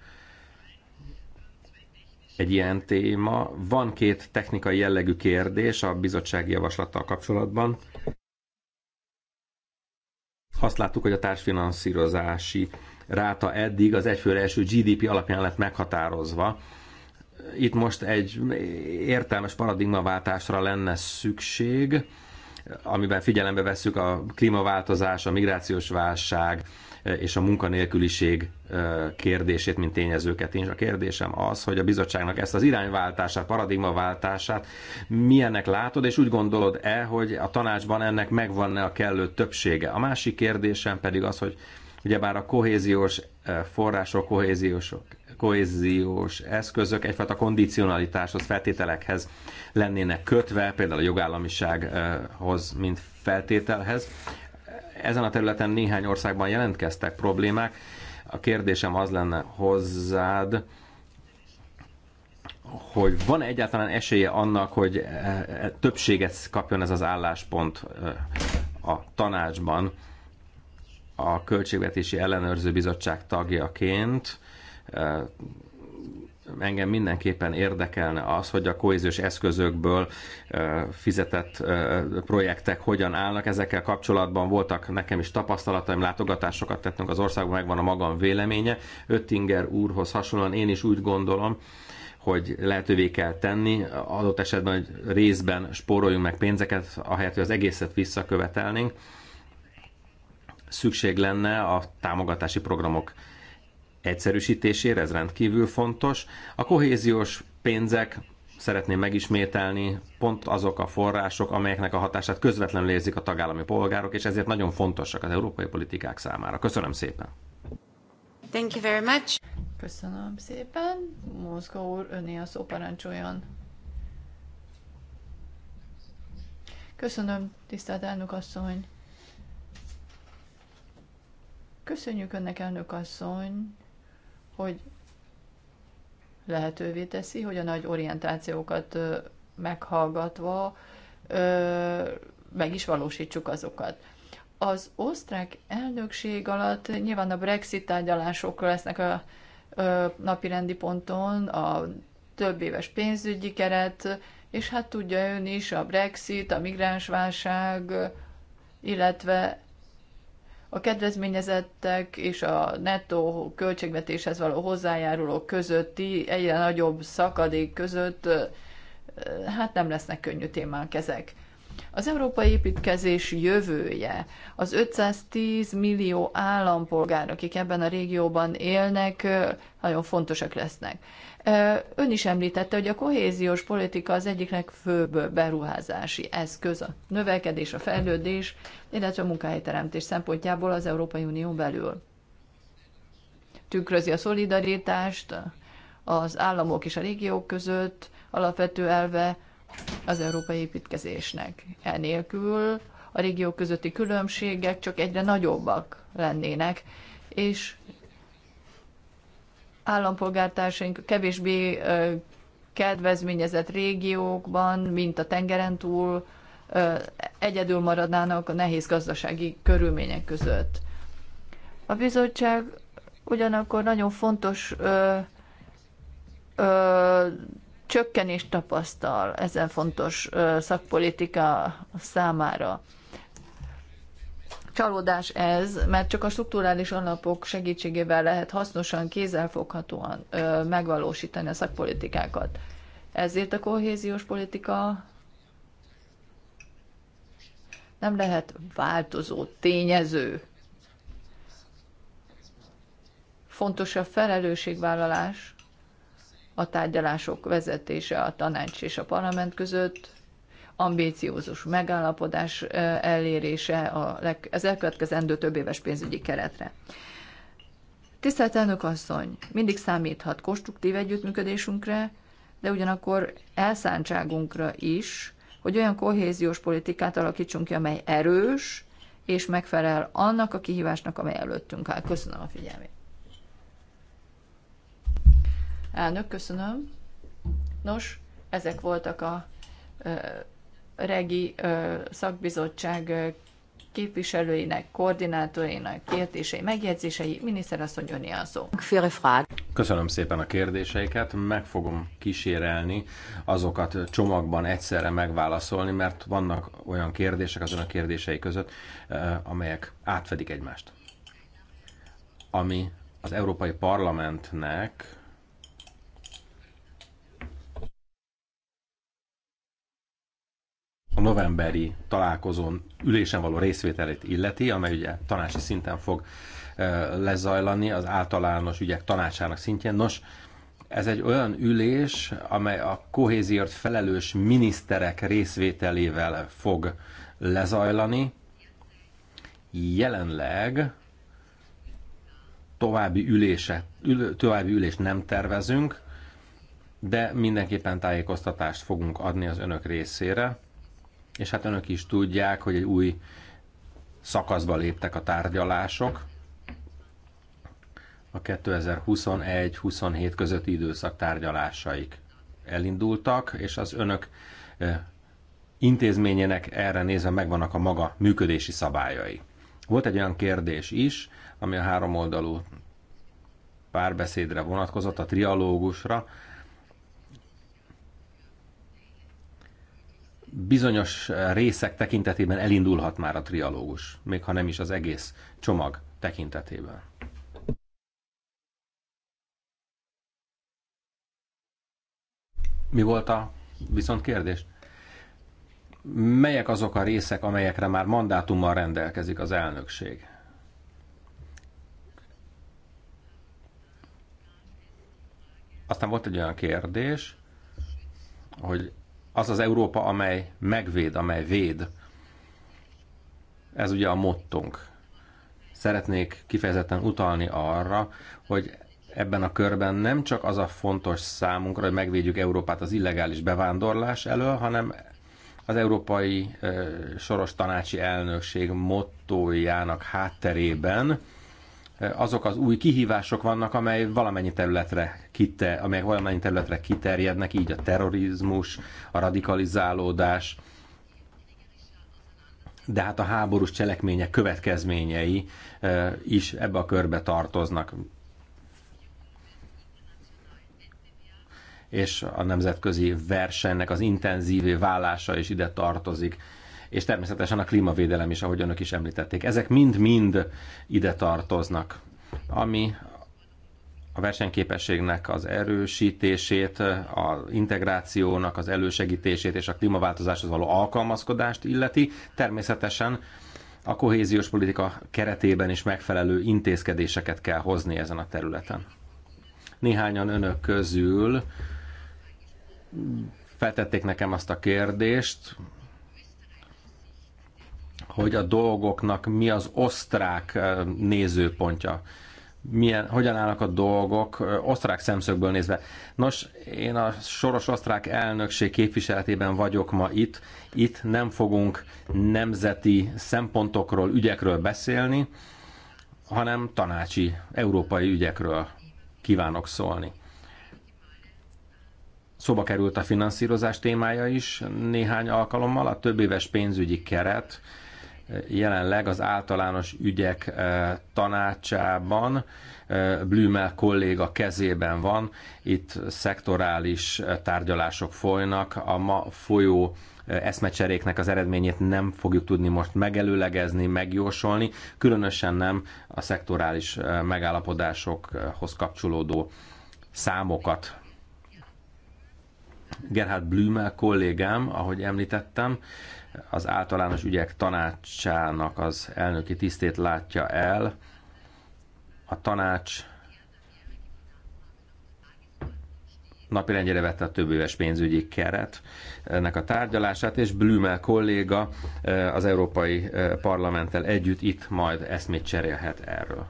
egy ilyen téma. Van két technikai jellegű kérdés a bizottsági javaslattal kapcsolatban. Azt láttuk, hogy a társfinanszírozási ráta eddig az egyfőre első GDP alapján lett meghatározva. Itt most egy értelmes paradigmaváltásra lenne szükség, amiben figyelembe vesszük a klímaváltozás, a migrációs válság, és a munkanélküliség kérdését, mint tényezőket és A kérdésem az, hogy a bizottságnak ezt az irányváltását, paradigmaváltását milyenek látod, és úgy gondolod-e, hogy a tanácsban ennek megvan-e a kellő többsége? A másik kérdésem pedig az, hogy ugyebár a kohéziós források, kohéziós, kohéziós eszközök egyfajta kondicionalitáshoz, feltételekhez lennének kötve, például a jogállamisághoz, mint feltételhez. Ezen a területen néhány országban jelentkeztek problémák. A kérdésem az lenne hozzád, hogy van -e egyáltalán esélye annak, hogy e, e, többséget kapjon ez az álláspont e, a tanácsban a Költségvetési Ellenőrző Bizottság tagjaként, engem mindenképpen érdekelne az, hogy a kohéziós eszközökből fizetett projektek hogyan állnak. Ezekkel kapcsolatban voltak nekem is tapasztalataim, látogatásokat tettünk az országban, megvan a magam véleménye. Öttinger úrhoz hasonlóan én is úgy gondolom, hogy lehetővé kell tenni, adott esetben, hogy részben spóroljunk meg pénzeket, ahelyett, hogy az egészet visszakövetelnénk. Szükség lenne a támogatási programok egyszerűsítésére, ez rendkívül fontos. A kohéziós pénzek szeretném megismételni, pont azok a források, amelyeknek a hatását közvetlenül érzik a tagállami polgárok, és ezért nagyon fontosak az európai politikák számára. Köszönöm szépen! Thank you very much. Köszönöm szépen. Mozgó úr, öné a szó parancsoljon. Köszönöm, tisztelt elnök asszony. Köszönjük önnek, elnök asszony, hogy lehetővé teszi, hogy a nagy orientációkat meghallgatva meg is valósítsuk azokat. Az osztrák elnökség alatt nyilván a Brexit tárgyalások lesznek a napirendi ponton, a több éves pénzügyi keret, és hát tudja ön is, a Brexit, a migránsválság, illetve a kedvezményezettek és a nettó költségvetéshez való hozzájárulók közötti egyre nagyobb szakadék között hát nem lesznek könnyű témák ezek. Az európai építkezés jövője, az 510 millió állampolgár, akik ebben a régióban élnek, nagyon fontosak lesznek. Ön is említette, hogy a kohéziós politika az egyik legfőbb beruházási eszköz a növekedés, a fejlődés, illetve a munkahelyteremtés szempontjából az Európai Unió belül. Tükrözi a szolidaritást az államok és a régiók között, alapvető elve az európai építkezésnek. Enélkül a régiók közötti különbségek csak egyre nagyobbak lennének, és állampolgártársaink kevésbé kedvezményezett régiókban, mint a tengeren túl, egyedül maradnának a nehéz gazdasági körülmények között. A bizottság ugyanakkor nagyon fontos ö, ö, csökkenést tapasztal ezen fontos szakpolitika számára. Csalódás ez, mert csak a strukturális alapok segítségével lehet hasznosan, kézzelfoghatóan megvalósítani a szakpolitikákat. Ezért a kohéziós politika nem lehet változó tényező. Fontos a felelősségvállalás, a tárgyalások vezetése a tanács és a parlament között, ambíciózus megállapodás elérése a leg, az elkövetkezendő több éves pénzügyi keretre. Tisztelt elnök asszony, mindig számíthat konstruktív együttműködésünkre, de ugyanakkor elszántságunkra is, hogy olyan kohéziós politikát alakítsunk ki, amely erős és megfelel annak a kihívásnak, amely előttünk áll. Köszönöm a figyelmét. Elnök, köszönöm. Nos, ezek voltak a regi szakbizottság képviselőinek, koordinátorainak kérdései, megjegyzései. Miniszterasszony, ön ilyen szó. Köszönöm szépen a kérdéseiket, meg fogom kísérelni azokat csomagban egyszerre megválaszolni, mert vannak olyan kérdések azon a kérdései között, amelyek átfedik egymást. Ami az Európai Parlamentnek a novemberi találkozón ülésen való részvételét illeti, amely ugye tanácsi szinten fog e, lezajlani az általános ügyek tanácsának szintjén. Nos, ez egy olyan ülés, amely a kohéziót felelős miniszterek részvételével fog lezajlani. Jelenleg további, ülése, ül, további ülés nem tervezünk, de mindenképpen tájékoztatást fogunk adni az önök részére és hát önök is tudják, hogy egy új szakaszba léptek a tárgyalások, a 2021-27 közötti időszak tárgyalásaik elindultak, és az önök eh, intézményének erre nézve megvannak a maga működési szabályai. Volt egy olyan kérdés is, ami a háromoldalú párbeszédre vonatkozott, a trialógusra, bizonyos részek tekintetében elindulhat már a trialógus, még ha nem is az egész csomag tekintetében. Mi volt a viszont kérdés? Melyek azok a részek, amelyekre már mandátummal rendelkezik az elnökség? Aztán volt egy olyan kérdés, hogy az az Európa, amely megvéd, amely véd. Ez ugye a mottunk. Szeretnék kifejezetten utalni arra, hogy ebben a körben nem csak az a fontos számunkra, hogy megvédjük Európát az illegális bevándorlás elől, hanem az Európai Soros Tanácsi Elnökség mottójának hátterében azok az új kihívások vannak, amely valamennyi területre kite, amelyek valamennyi területre kiterjednek, így a terrorizmus, a radikalizálódás, de hát a háborús cselekmények következményei is ebbe a körbe tartoznak. És a nemzetközi versenynek az intenzívé válása is ide tartozik és természetesen a klímavédelem is, ahogy önök is említették. Ezek mind-mind ide tartoznak. Ami a versenyképességnek az erősítését, a integrációnak az elősegítését és a klímaváltozáshoz való alkalmazkodást illeti, természetesen a kohéziós politika keretében is megfelelő intézkedéseket kell hozni ezen a területen. Néhányan önök közül feltették nekem azt a kérdést, hogy a dolgoknak mi az osztrák eh, nézőpontja. Milyen, hogyan állnak a dolgok eh, osztrák szemszögből nézve. Nos, én a soros osztrák elnökség képviseletében vagyok ma itt. Itt nem fogunk nemzeti szempontokról, ügyekről beszélni, hanem tanácsi, európai ügyekről kívánok szólni. Szóba került a finanszírozás témája is néhány alkalommal, a több éves pénzügyi keret jelenleg az általános ügyek eh, tanácsában eh, Blümel kolléga kezében van. Itt szektorális eh, tárgyalások folynak. A ma folyó eszmecseréknek az eredményét nem fogjuk tudni most megelőlegezni, megjósolni, különösen nem a szektorális megállapodásokhoz kapcsolódó számokat. Gerhard Blümel kollégám, ahogy említettem, az általános ügyek tanácsának az elnöki tisztét látja el. A tanács napirendjére vette a több éves pénzügyi keret ennek a tárgyalását, és Blümel kolléga eh, az Európai eh, Parlamenttel együtt itt majd eszmét cserélhet erről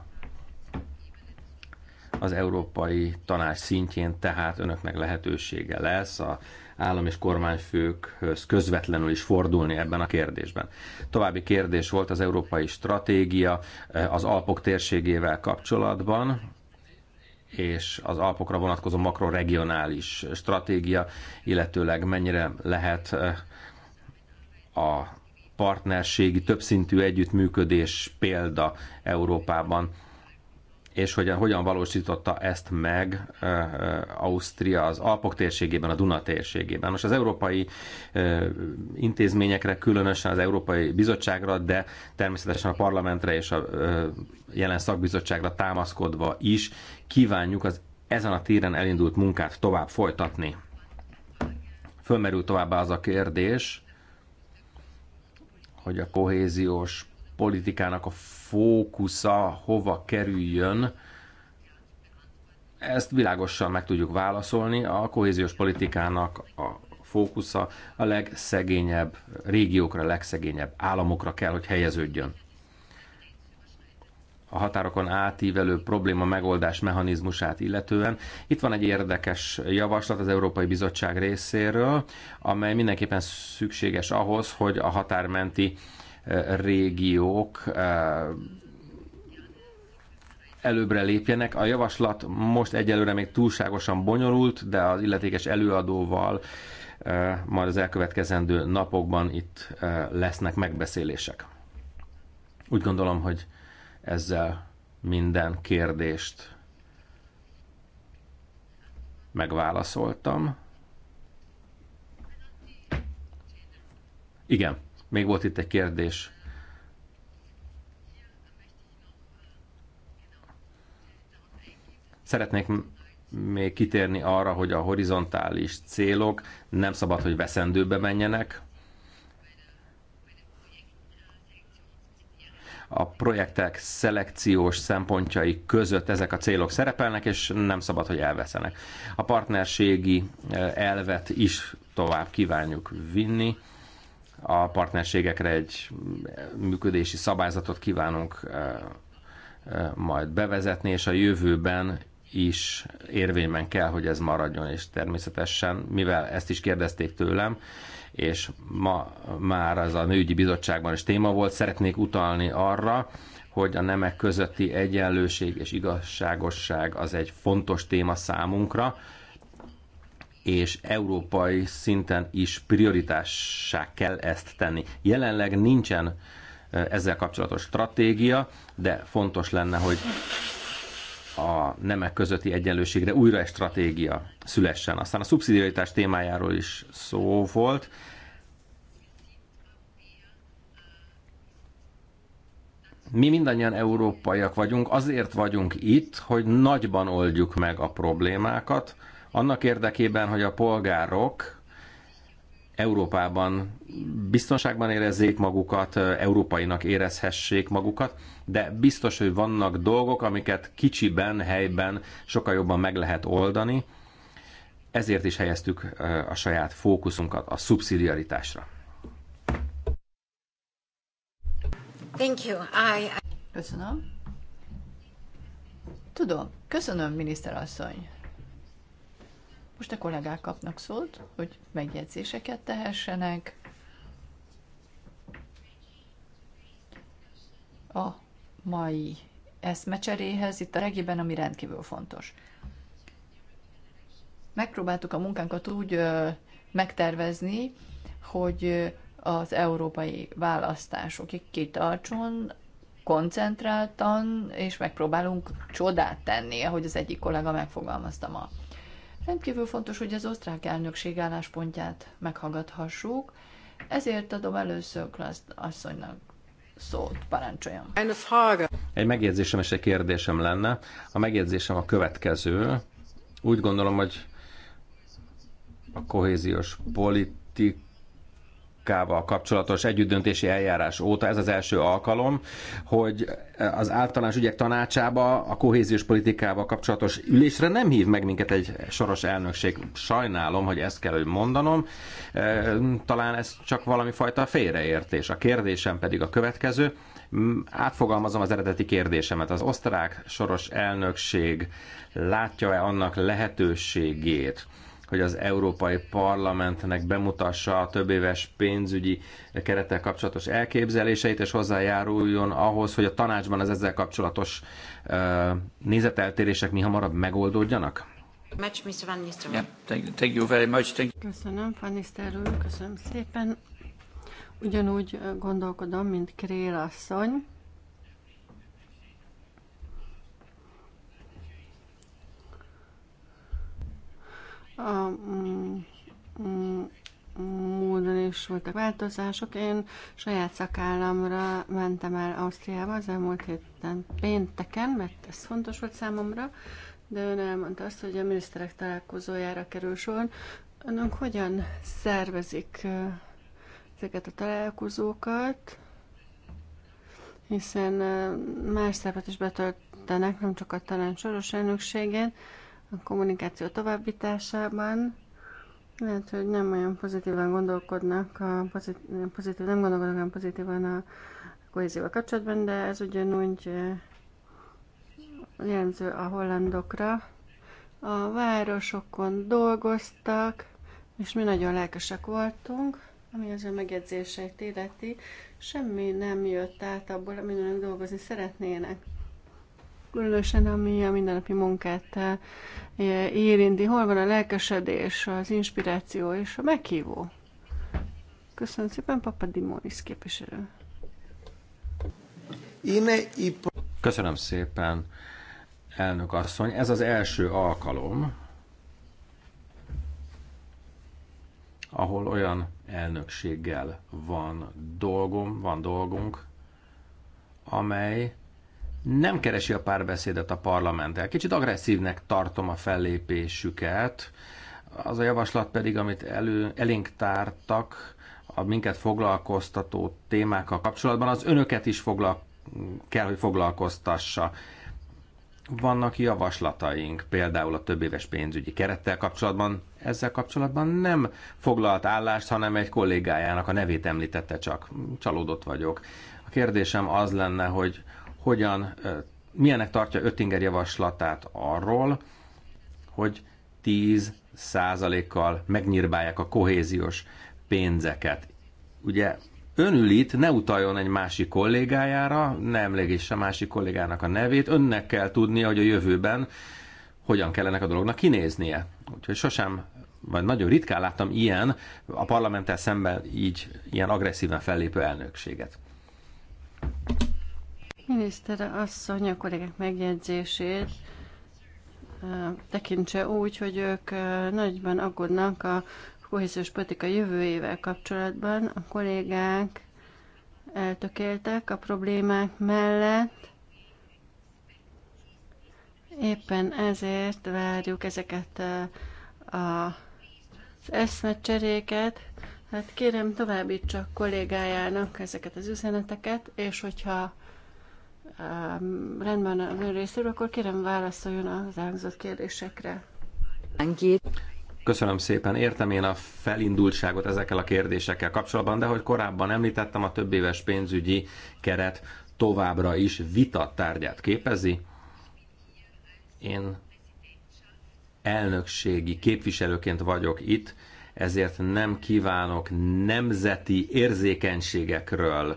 az Európai Tanács szintjén tehát önöknek lehetősége lesz a állam és kormányfőkhöz közvetlenül is fordulni ebben a kérdésben. További kérdés volt az európai stratégia eh, az Alpok térségével kapcsolatban és az Alpokra vonatkozó makroregionális stratégia, illetőleg mennyire lehet eh, a partnerségi, többszintű együttműködés példa Európában és hogy hogyan valósította ezt meg eh, eh, Ausztria az Alpok térségében, a Duna térségében. Most az európai eh, intézményekre, különösen az Európai Bizottságra, de természetesen a parlamentre és a jelen szakbizottságra támaszkodva is kívánjuk az ezen a téren elindult munkát tovább folytatni. Fölmerül továbbá az a kérdés, hogy a kohéziós politikának a fókusza hova kerüljön, ezt világosan meg tudjuk válaszolni. A kohéziós politikának a fókusza a legszegényebb régiókra, legszegényebb államokra kell, hogy helyeződjön. A határokon átívelő probléma megoldás mechanizmusát illetően. Itt van egy érdekes javaslat az Európai Bizottság részéről, amely mindenképpen szükséges ahhoz, hogy a határmenti régiók eh, előbbre lépjenek. A javaslat most egyelőre még túlságosan bonyolult, de az illetékes előadóval eh, majd az elkövetkezendő napokban itt eh, lesznek megbeszélések. Úgy gondolom, hogy ezzel minden kérdést megválaszoltam. Igen. Még volt itt egy kérdés. Szeretnék még kitérni arra, hogy a horizontális célok nem szabad, hogy veszendőbe menjenek. A projektek szelekciós szempontjai között ezek a célok szerepelnek, és nem szabad, hogy elveszenek. A partnerségi eh, elvet is tovább kívánjuk vinni a partnerségekre egy működési szabályzatot kívánunk eh, eh, majd bevezetni, és a jövőben is érvényben kell, hogy ez maradjon, és természetesen, mivel ezt is kérdezték tőlem, és ma már az a nőgyi bizottságban is téma volt, szeretnék utalni arra, hogy a nemek közötti egyenlőség és igazságosság az egy fontos téma számunkra, és európai szinten is prioritássá kell ezt tenni. Jelenleg nincsen ezzel kapcsolatos stratégia, de fontos lenne, hogy a nemek közötti egyenlőségre újra egy stratégia szülessen. Aztán a szubszidiaritás témájáról is szó volt. Mi mindannyian európaiak vagyunk, azért vagyunk itt, hogy nagyban oldjuk meg a problémákat, annak érdekében, hogy a polgárok Európában biztonságban érezzék magukat, európainak érezhessék magukat, de biztos, hogy vannak dolgok, amiket kicsiben, helyben sokkal jobban meg lehet oldani, ezért is helyeztük a saját fókuszunkat a szubszidiaritásra. Thank you. I... Köszönöm. Tudom, köszönöm, miniszterasszony. Most a kollégák kapnak szót, hogy megjegyzéseket tehessenek. A mai eszmecseréhez itt a regiben, ami rendkívül fontos. Megpróbáltuk a munkánkat úgy megtervezni, hogy az európai választásokig kitartson, koncentráltan, és megpróbálunk csodát tenni, ahogy az egyik kollega megfogalmazta ma. Rendkívül fontos, hogy az osztrák elnökség álláspontját meghallgathassuk, ezért adom először Klaszt asszonynak szót, parancsoljon. Egy megjegyzésem és egy kérdésem lenne. A megjegyzésem a következő. Úgy gondolom, hogy a kohéziós politika kával kapcsolatos együttdöntési eljárás óta ez az első alkalom, hogy az általános ügyek tanácsába, a kohéziós politikával kapcsolatos ülésre nem hív meg minket egy soros elnökség. Sajnálom, hogy ezt kell, hogy mondanom. E, talán ez csak valami fajta félreértés. A kérdésem pedig a következő. Átfogalmazom az eredeti kérdésemet. Az osztrák soros elnökség látja-e annak lehetőségét, hogy az Európai Parlamentnek bemutassa a több éves pénzügyi kerettel kapcsolatos elképzeléseit, és hozzájáruljon ahhoz, hogy a tanácsban az ezzel kapcsolatos uh, nézeteltérések mi hamarabb megoldódjanak? Köszönöm, Van úr, köszönöm szépen. Ugyanúgy gondolkodom, mint Krél asszony. A módon is voltak változások. Én saját szakállamra mentem el Ausztriába az elmúlt héten pénteken, mert ez fontos volt számomra, de ön elmondta azt, hogy a miniszterek találkozójára kerül sor. Önök hogyan szervezik ezeket a találkozókat, hiszen más szerepet is betöltenek, nem csak a talán soros elnökségén, a kommunikáció továbbításában. Lehet, hogy nem olyan pozitívan gondolkodnak, a pozitív, pozitív, nem gondolkodnak olyan pozitívan a kohézióval kapcsolatban, de ez ugyanúgy jellemző a hollandokra. A városokon dolgoztak, és mi nagyon lelkesek voltunk, ami az ő megjegyzéseit illeti, semmi nem jött át abból, amin dolgozni szeretnének különösen ami a mindennapi munkát eh, érinti. Hol van a lelkesedés, az inspiráció és a meghívó? Köszönöm szépen, Papa Dimonis képviselő. Köszönöm szépen, elnök asszony. Ez az első alkalom, ahol olyan elnökséggel van dolgom, van dolgunk, amely nem keresi a párbeszédet a parlamenttel. Kicsit agresszívnek tartom a fellépésüket, az a javaslat pedig, amit elő, elénk tártak a minket foglalkoztató témákkal kapcsolatban, az önöket is foglal, kell, hogy foglalkoztassa. Vannak javaslataink, például a több éves pénzügyi kerettel kapcsolatban. Ezzel kapcsolatban nem foglalt állást, hanem egy kollégájának a nevét említette csak. Csalódott vagyok. A kérdésem az lenne, hogy hogyan, milyenek tartja Öttinger javaslatát arról, hogy 10 százalékkal megnyírbálják a kohéziós pénzeket. Ugye önül itt ne utaljon egy másik kollégájára, ne emlékezz a másik kollégának a nevét, önnek kell tudnia, hogy a jövőben hogyan kellene a dolognak kinéznie. Úgyhogy sosem, vagy nagyon ritkán láttam ilyen, a parlamenttel szemben így ilyen agresszíven fellépő elnökséget. Miniszter asszony a kollégák megjegyzését tekintse úgy, hogy ők nagyban aggódnak a kohéziós politika jövőjével kapcsolatban. A kollégák eltökéltek a problémák mellett, Éppen ezért várjuk ezeket az eszmecseréket. Hát kérem, továbbítsa kollégájának ezeket az üzeneteket, és hogyha Um, rendben az ön részéről, akkor kérem válaszoljon az elhangzott kérdésekre. Köszönöm szépen. Értem én a felindultságot ezekkel a kérdésekkel kapcsolatban, de hogy korábban említettem, a több éves pénzügyi keret továbbra is vita tárgyát képezi. Én elnökségi képviselőként vagyok itt, ezért nem kívánok nemzeti érzékenységekről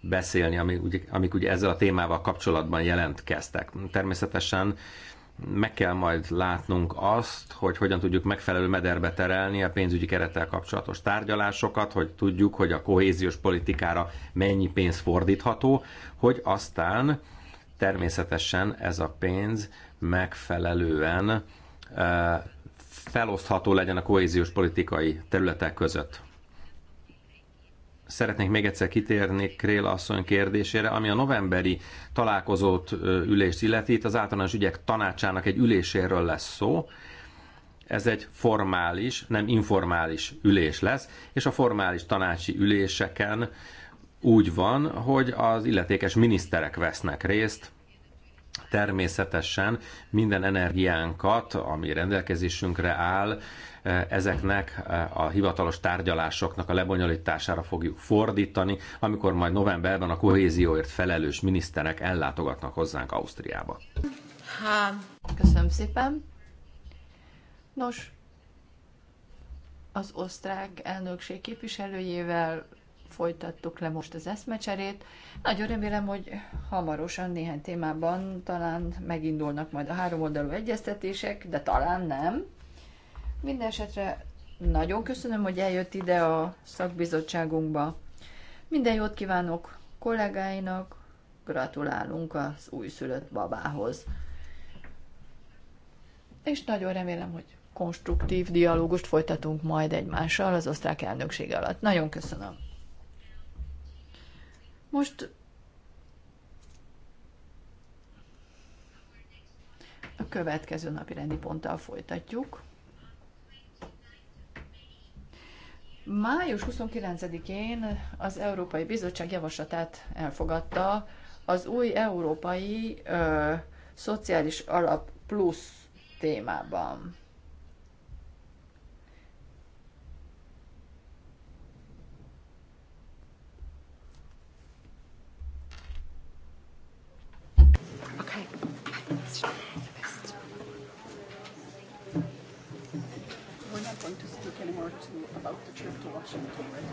beszélni, amik, ugye, amik ugye ezzel a témával kapcsolatban jelentkeztek. Természetesen meg kell majd látnunk azt, hogy hogyan tudjuk megfelelő mederbe terelni a pénzügyi kerettel kapcsolatos tárgyalásokat, hogy tudjuk, hogy a kohéziós politikára mennyi pénz fordítható, hogy aztán természetesen ez a pénz megfelelően eh, felosztható legyen a kohéziós politikai területek között szeretnék még egyszer kitérni Kréla asszony kérdésére, ami a novemberi találkozót ülést illeti. Itt az általános ügyek tanácsának egy üléséről lesz szó. Ez egy formális, nem informális ülés lesz, és a formális tanácsi üléseken úgy van, hogy az illetékes miniszterek vesznek részt, természetesen minden energiánkat, ami rendelkezésünkre áll, ezeknek a hivatalos tárgyalásoknak a lebonyolítására fogjuk fordítani, amikor majd novemberben a kohézióért felelős miniszterek ellátogatnak hozzánk Ausztriába. Há, köszönöm szépen. Nos, az osztrák elnökség képviselőjével folytattuk le most az eszmecserét. Nagyon remélem, hogy hamarosan néhány témában talán megindulnak majd a háromoldalú egyeztetések, de talán nem. Minden esetre nagyon köszönöm, hogy eljött ide a szakbizottságunkba. Minden jót kívánok kollégáinak, gratulálunk az újszülött babához. És nagyon remélem, hogy konstruktív dialógust folytatunk majd egymással az osztrák elnökség alatt. Nagyon köszönöm. Most a következő napi rendi ponttal folytatjuk. Május 29-én az Európai Bizottság javaslatát elfogadta az új Európai ö, Szociális Alap Plusz témában. or to about the trip to Washington, right?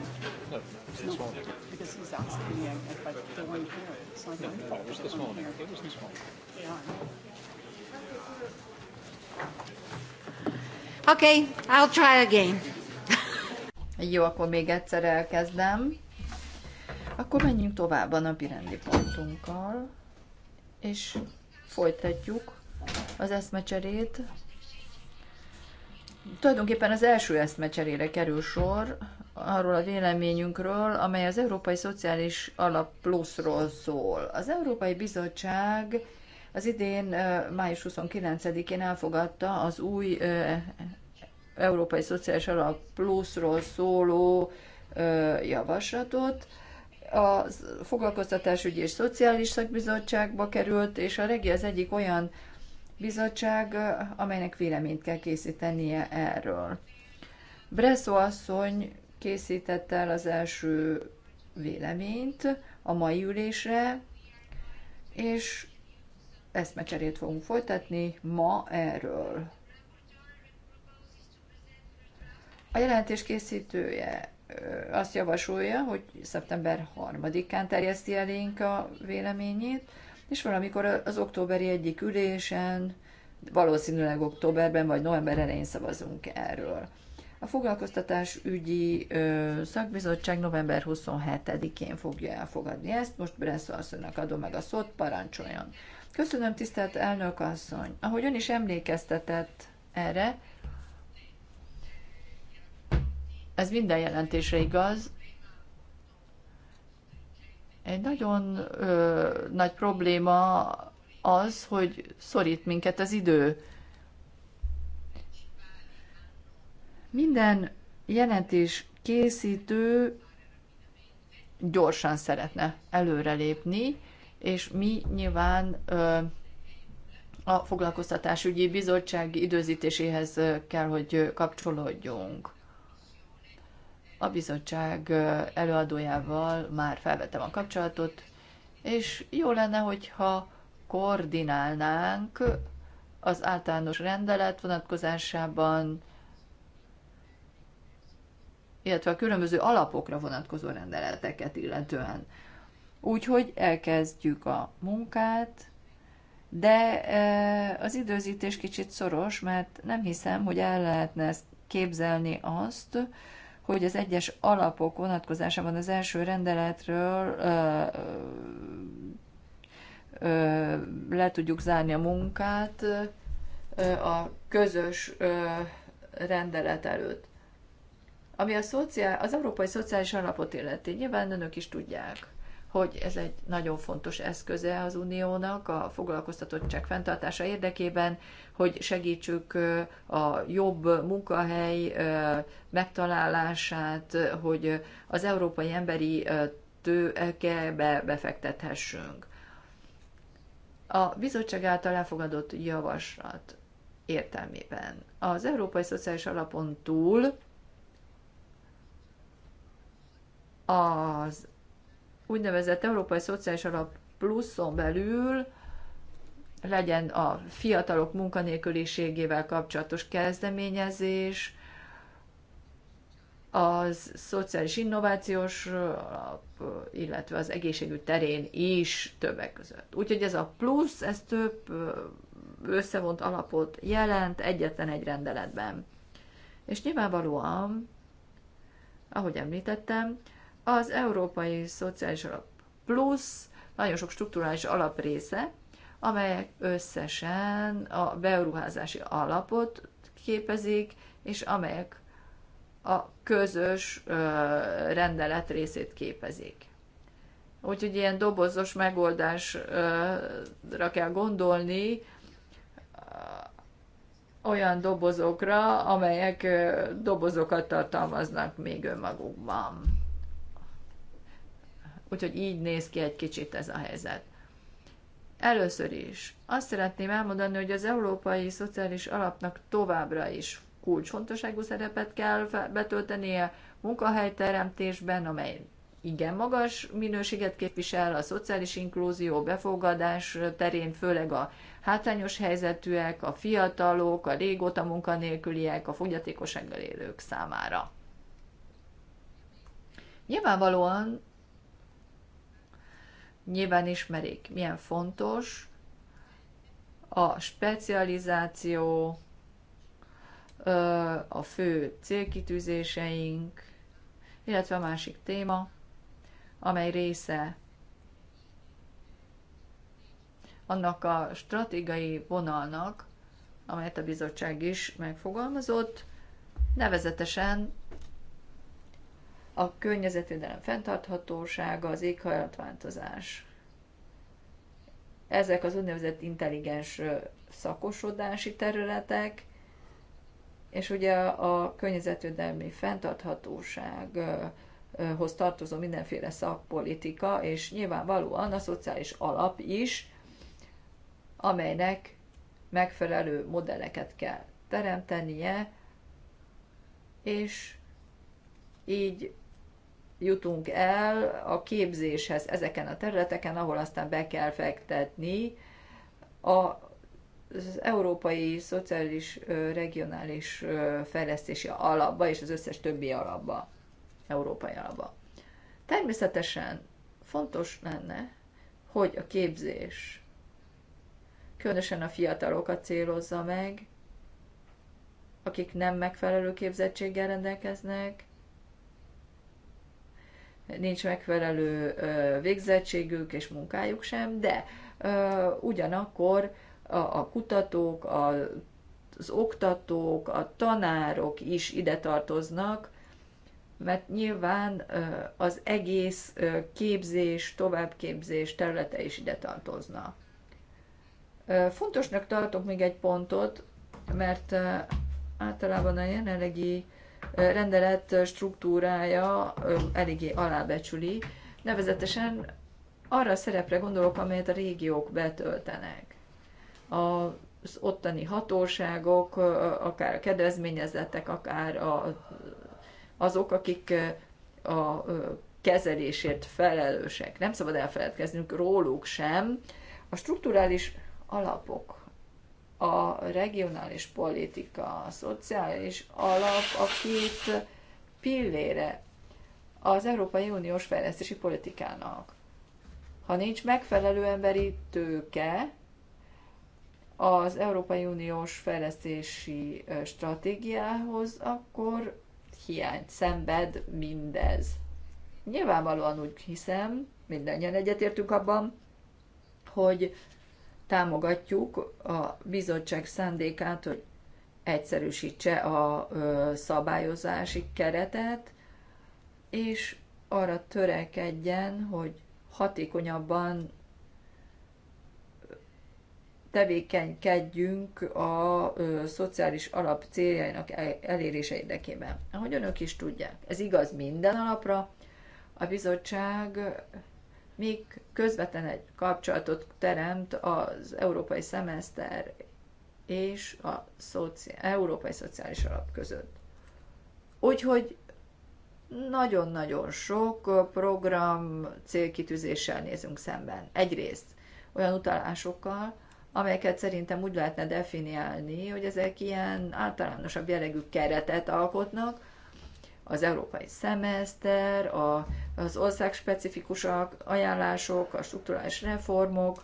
No, this morning. Because he's asking me if I, they weren't here. It's like, No, I'm no, it was this morning. It was this morning. Yeah. Okay, I'll try again. (laughs) Jó, akkor még egyszer elkezdem. Akkor menjünk tovább a napi rendi pontunkkal, és folytatjuk az eszmecserét Tulajdonképpen az első eszmecserére kerül sor arról a véleményünkről, amely az Európai Szociális Alap Pluszról szól. Az Európai Bizottság az idén május 29-én elfogadta az új Európai Szociális Alap Pluszról szóló javaslatot. A Foglalkoztatásügyi és Szociális Szakbizottságba került, és a regi az egyik olyan bizottság, amelynek véleményt kell készítenie erről. Bresso asszony készítette el az első véleményt a mai ülésre, és eszmecserét fogunk folytatni ma erről. A jelentés készítője azt javasolja, hogy szeptember 3-án terjeszti elénk a véleményét, és valamikor az októberi egyik ülésen, valószínűleg októberben vagy november elején szavazunk erről. A foglalkoztatás ügyi ö, szakbizottság november 27-én fogja elfogadni ezt. Most Bresszó asszonynak adom meg a szót, parancsoljon. Köszönöm, tisztelt elnök asszony. Ahogy ön is emlékeztetett erre, ez minden jelentésre igaz, egy nagyon ö, nagy probléma az, hogy szorít minket az idő. Minden jelentés készítő gyorsan szeretne előrelépni, és mi nyilván ö, a foglalkoztatásügyi bizottság időzítéséhez kell, hogy kapcsolódjunk a bizottság előadójával már felvettem a kapcsolatot, és jó lenne, hogyha koordinálnánk az általános rendelet vonatkozásában, illetve a különböző alapokra vonatkozó rendeleteket illetően. Úgyhogy elkezdjük a munkát, de az időzítés kicsit szoros, mert nem hiszem, hogy el lehetne ezt képzelni azt, hogy az egyes alapok vonatkozásában az első rendeletről ö, ö, le tudjuk zárni a munkát ö, a közös ö, rendelet előtt. Ami a szociál, az Európai Szociális Alapot illeti, nyilván önök is tudják hogy ez egy nagyon fontos eszköze az uniónak a foglalkoztatottság fenntartása érdekében, hogy segítsük a jobb munkahely megtalálását, hogy az európai emberi tőkebe befektethessünk. A bizottság által elfogadott javaslat értelmében az Európai Szociális Alapon túl az úgynevezett Európai Szociális Alap pluszon belül legyen a fiatalok munkanélküliségével kapcsolatos kezdeményezés, az szociális innovációs, illetve az egészségügy terén is többek között. Úgyhogy ez a plusz, ez több összevont alapot jelent egyetlen egy rendeletben. És nyilvánvalóan, ahogy említettem, az Európai Szociális Alap Plusz nagyon sok strukturális alap része, amelyek összesen a beruházási alapot képezik, és amelyek a közös rendelet részét képezik. Úgyhogy ilyen dobozos megoldásra kell gondolni, olyan dobozokra, amelyek dobozokat tartalmaznak még önmagukban. Úgyhogy így néz ki egy kicsit ez a helyzet. Először is azt szeretném elmondani, hogy az Európai Szociális Alapnak továbbra is kulcsfontosságú szerepet kell betöltenie munkahelyteremtésben, amely igen magas minőséget képvisel a szociális inklúzió, befogadás terén, főleg a hátrányos helyzetűek, a fiatalok, a régóta munkanélküliek, a fogyatékossággal élők számára. Nyilvánvalóan nyilván ismerik, milyen fontos a specializáció, a fő célkitűzéseink, illetve a másik téma, amely része annak a stratégiai vonalnak, amelyet a bizottság is megfogalmazott, nevezetesen a környezetvédelem fenntarthatósága, az éghajlatváltozás. Ezek az úgynevezett intelligens szakosodási területek, és ugye a környezetvédelmi fenntarthatósághoz tartozó mindenféle szakpolitika, és nyilvánvalóan a szociális alap is, amelynek megfelelő modelleket kell teremtenie, és így jutunk el a képzéshez ezeken a területeken, ahol aztán be kell fektetni az Európai Szociális Regionális Fejlesztési Alapba és az összes többi alapba, európai alapba. Természetesen fontos lenne, hogy a képzés különösen a fiatalokat célozza meg, akik nem megfelelő képzettséggel rendelkeznek, nincs megfelelő végzettségük és munkájuk sem, de ugyanakkor a kutatók, az oktatók, a tanárok is ide tartoznak, mert nyilván az egész képzés, továbbképzés területe is ide tartozna. Fontosnak tartok még egy pontot, mert általában a jelenlegi rendelet struktúrája eléggé alábecsüli, nevezetesen arra a szerepre gondolok, amelyet a régiók betöltenek. Az ottani hatóságok, akár a kedvezményezettek, akár a, azok, akik a kezelésért felelősek. Nem szabad elfeledkeznünk róluk sem. A strukturális alapok a regionális politika, a szociális alap a két pillére az Európai Uniós fejlesztési politikának. Ha nincs megfelelő emberi tőke, az Európai Uniós fejlesztési stratégiához, akkor hiányt szenved mindez. Nyilvánvalóan úgy hiszem, mindannyian egyetértünk abban, hogy támogatjuk a bizottság szándékát, hogy egyszerűsítse a szabályozási keretet, és arra törekedjen, hogy hatékonyabban tevékenykedjünk a ö, szociális alap céljainak e, elérése érdekében. Ahogy önök is tudják, ez igaz minden alapra. A bizottság míg közvetlen egy kapcsolatot teremt az európai szemeszter és a szoci- európai szociális alap között. Úgyhogy nagyon-nagyon sok program célkitűzéssel nézünk szemben. Egyrészt olyan utalásokkal, amelyeket szerintem úgy lehetne definiálni, hogy ezek ilyen általánosabb jellegű keretet alkotnak, az európai szemeszter, a, az országspecifikus ajánlások, a strukturális reformok,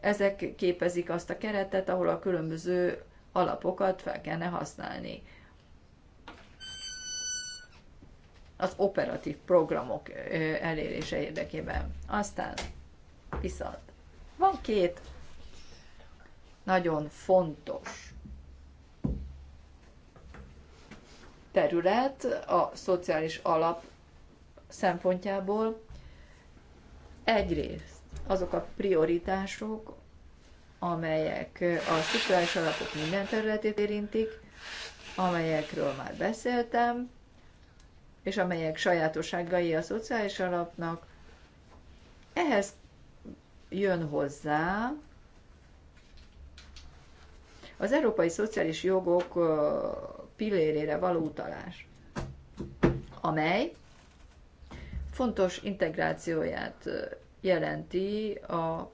ezek képezik azt a keretet, ahol a különböző alapokat fel kellene használni. Az operatív programok elérése érdekében. Aztán viszont van két nagyon fontos terület a szociális alap szempontjából. Egyrészt azok a prioritások, amelyek a szociális alapok minden területét érintik, amelyekről már beszéltem, és amelyek sajátosságai a szociális alapnak. Ehhez jön hozzá az európai szociális jogok pillérére való utalás, amely fontos integrációját jelenti a,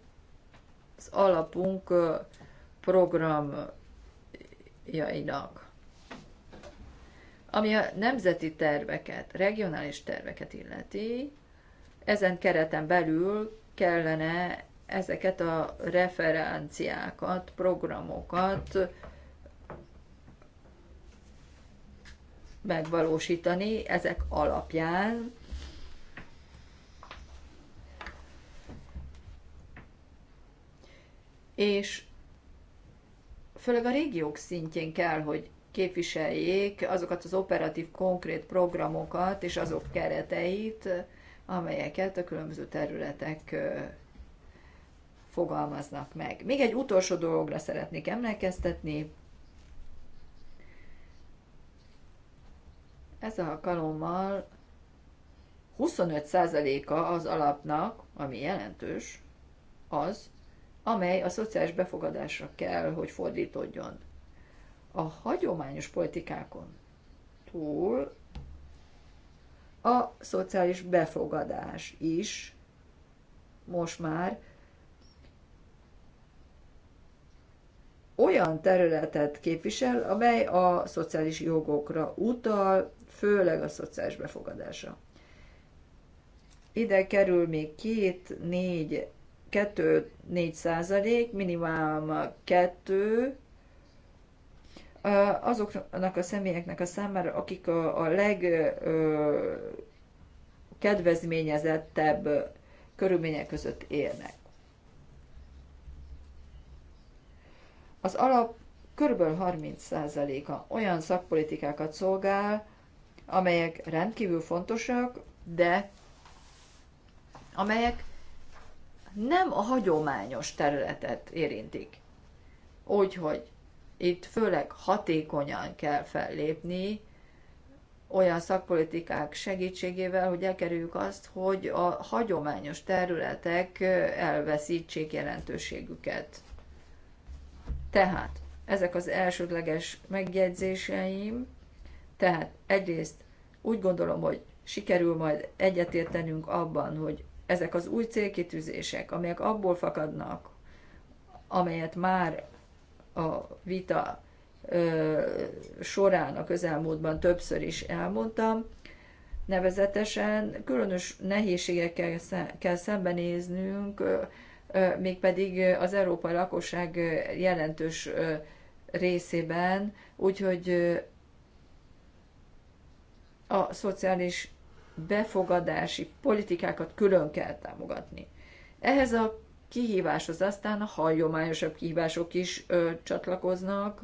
az alapunk programjainak. Ami a nemzeti terveket, regionális terveket illeti, ezen kereten belül kellene ezeket a referenciákat, programokat megvalósítani ezek alapján. És főleg a régiók szintjén kell, hogy képviseljék azokat az operatív konkrét programokat és azok kereteit, amelyeket a különböző területek fogalmaznak meg. Még egy utolsó dologra szeretnék emlékeztetni, Ez alkalommal 25%-a az alapnak, ami jelentős, az, amely a szociális befogadásra kell, hogy fordítódjon. A hagyományos politikákon túl a szociális befogadás is most már olyan területet képvisel, amely a szociális jogokra utal, főleg a szociális befogadása. Ide kerül még két, négy, kettő, négy százalék, minimum kettő, azoknak a személyeknek a számára, akik a, a legkedvezményezettebb körülmények között élnek. Az alap körülbelül 30%-a olyan szakpolitikákat szolgál, amelyek rendkívül fontosak, de amelyek nem a hagyományos területet érintik. Úgyhogy itt főleg hatékonyan kell fellépni, olyan szakpolitikák segítségével, hogy elkerüljük azt, hogy a hagyományos területek elveszítsék jelentőségüket. Tehát ezek az elsődleges megjegyzéseim. Tehát egyrészt úgy gondolom, hogy sikerül majd egyetértenünk abban, hogy ezek az új célkitűzések, amelyek abból fakadnak, amelyet már a vita ö, során a közelmúltban többször is elmondtam, nevezetesen különös nehézségekkel kell szembenéznünk, mégpedig az európai lakosság jelentős részében, úgyhogy a szociális befogadási politikákat külön kell támogatni. Ehhez a kihíváshoz aztán a hagyományosabb kihívások is ö, csatlakoznak,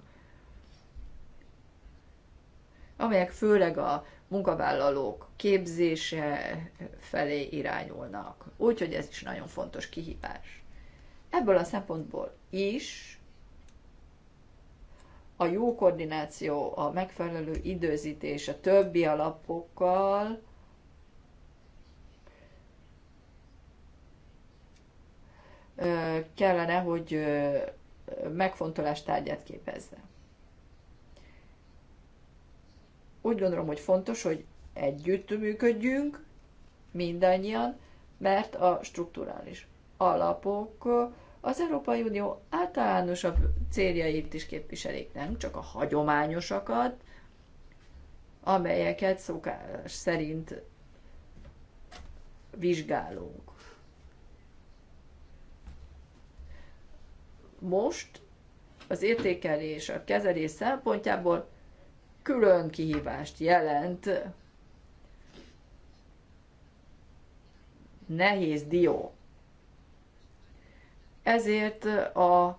amelyek főleg a munkavállalók képzése felé irányulnak. Úgyhogy ez is nagyon fontos kihívás. Ebből a szempontból is a jó koordináció, a megfelelő időzítés a többi alapokkal, kellene, hogy megfontolás tárgyát képezze. Úgy gondolom, hogy fontos, hogy együtt működjünk, mindannyian, mert a strukturális alapok az Európai Unió általánosabb céljait is képviselik, nem csak a hagyományosakat, amelyeket szokás szerint vizsgálunk. Most az értékelés, a kezelés szempontjából külön kihívást jelent nehéz dió. Ezért a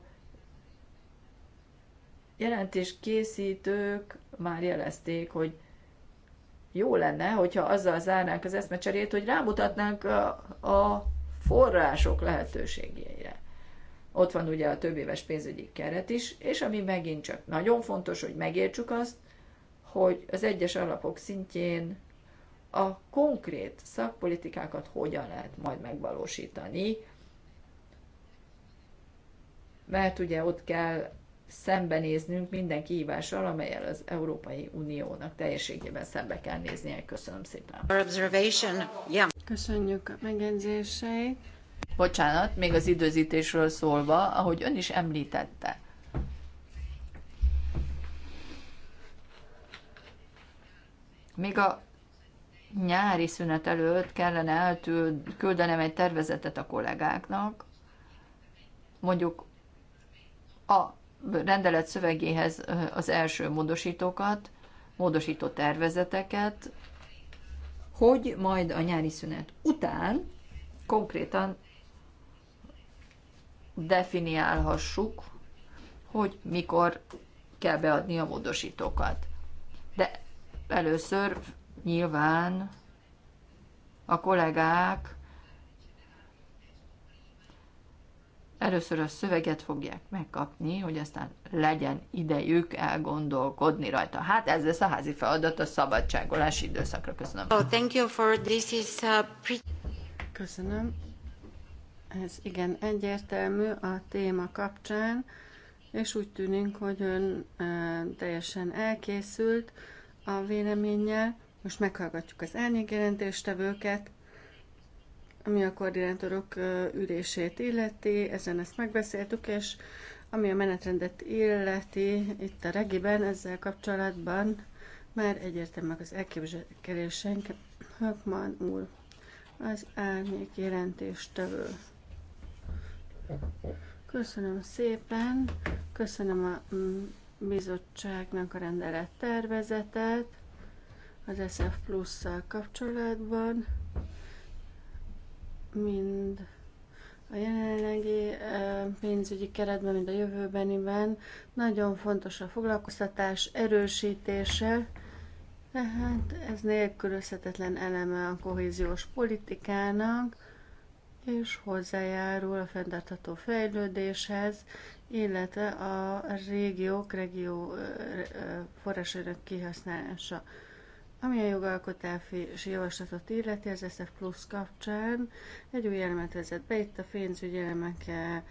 jelentés készítők már jelezték, hogy jó lenne, hogyha azzal zárnánk az eszmecserét, hogy rámutatnánk a, a források lehetőségére. Ott van ugye a több éves pénzügyi keret is, és ami megint csak nagyon fontos, hogy megértsük azt, hogy az egyes alapok szintjén a konkrét szakpolitikákat hogyan lehet majd megvalósítani mert ugye ott kell szembenéznünk minden kihívással, amelyel az Európai Uniónak teljességében szembe kell néznie. Köszönöm szépen. Köszönjük a megjegyzéseit. Bocsánat, még az időzítésről szólva, ahogy ön is említette. Még a nyári szünet előtt kellene küldenem egy tervezetet a kollégáknak, mondjuk a rendelet szövegéhez az első módosítókat, módosító tervezeteket, hogy majd a nyári szünet után konkrétan definiálhassuk, hogy mikor kell beadni a módosítókat. De először nyilván a kollégák Először a szöveget fogják megkapni, hogy aztán legyen idejük elgondolkodni rajta. Hát ez lesz a házi feladat a szabadságolási időszakra. Köszönöm. Oh, thank you for this is a uh, pretty... Köszönöm. Ez igen egyértelmű a téma kapcsán, és úgy tűnik, hogy ön e, teljesen elkészült a véleménnyel. Most meghallgatjuk az árnyékjelentéstevőket ami a koordinátorok ülését illeti, ezen ezt megbeszéltük, és ami a menetrendet illeti, itt a regiben ezzel kapcsolatban már egyértelműek az elképzelésénk, Hökman úr, az árnyék jelentéstevő. Köszönöm szépen, köszönöm a mm, bizottságnak a rendelet tervezetet az SF plusz kapcsolatban mind a jelenlegi pénzügyi keretben, mind a jövőbeniben nagyon fontos a foglalkoztatás erősítése, tehát ez nélkülözhetetlen eleme a kohéziós politikának, és hozzájárul a fenntartható fejlődéshez, illetve a régiók, regió forrásainak kihasználása. Ami a jogalkotási javaslatot illeti, az SF Plus kapcsán egy új elemet vezet be, itt a pénzügyi elemek eh,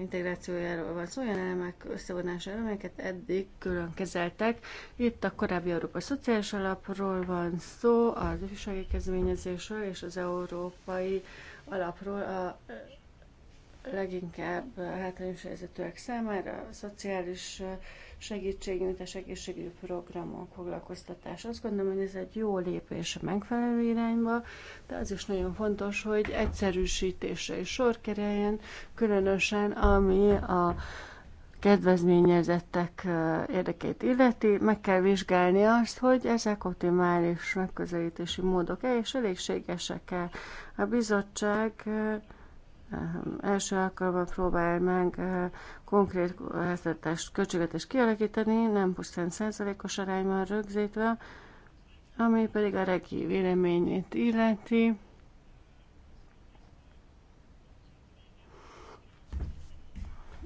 integrációjáról van szó, olyan elemek összevonásáról, amelyeket eddig külön kezeltek. Itt a korábbi Európa Szociális Alapról van szó, az ifjúsági kezdeményezésről és az Európai Alapról a leginkább eh, hátrányos helyzetűek számára, a szociális eh, segítségnyújtás, egészségügyi programok, foglalkoztatás. Azt gondolom, hogy ez egy jó lépés a megfelelő irányba, de az is nagyon fontos, hogy egyszerűsítésre is sor kerüljön, különösen ami a kedvezményezettek eh, érdekét illeti, meg kell vizsgálni azt, hogy ezek optimális megközelítési módok-e és elégségesek-e. A bizottság Ehm, első alkalommal próbálj meg eh, konkrét háztartást, költségvetést kialakítani, nem pusztán százalékos arányban rögzítve, ami pedig a regi véleményét illeti.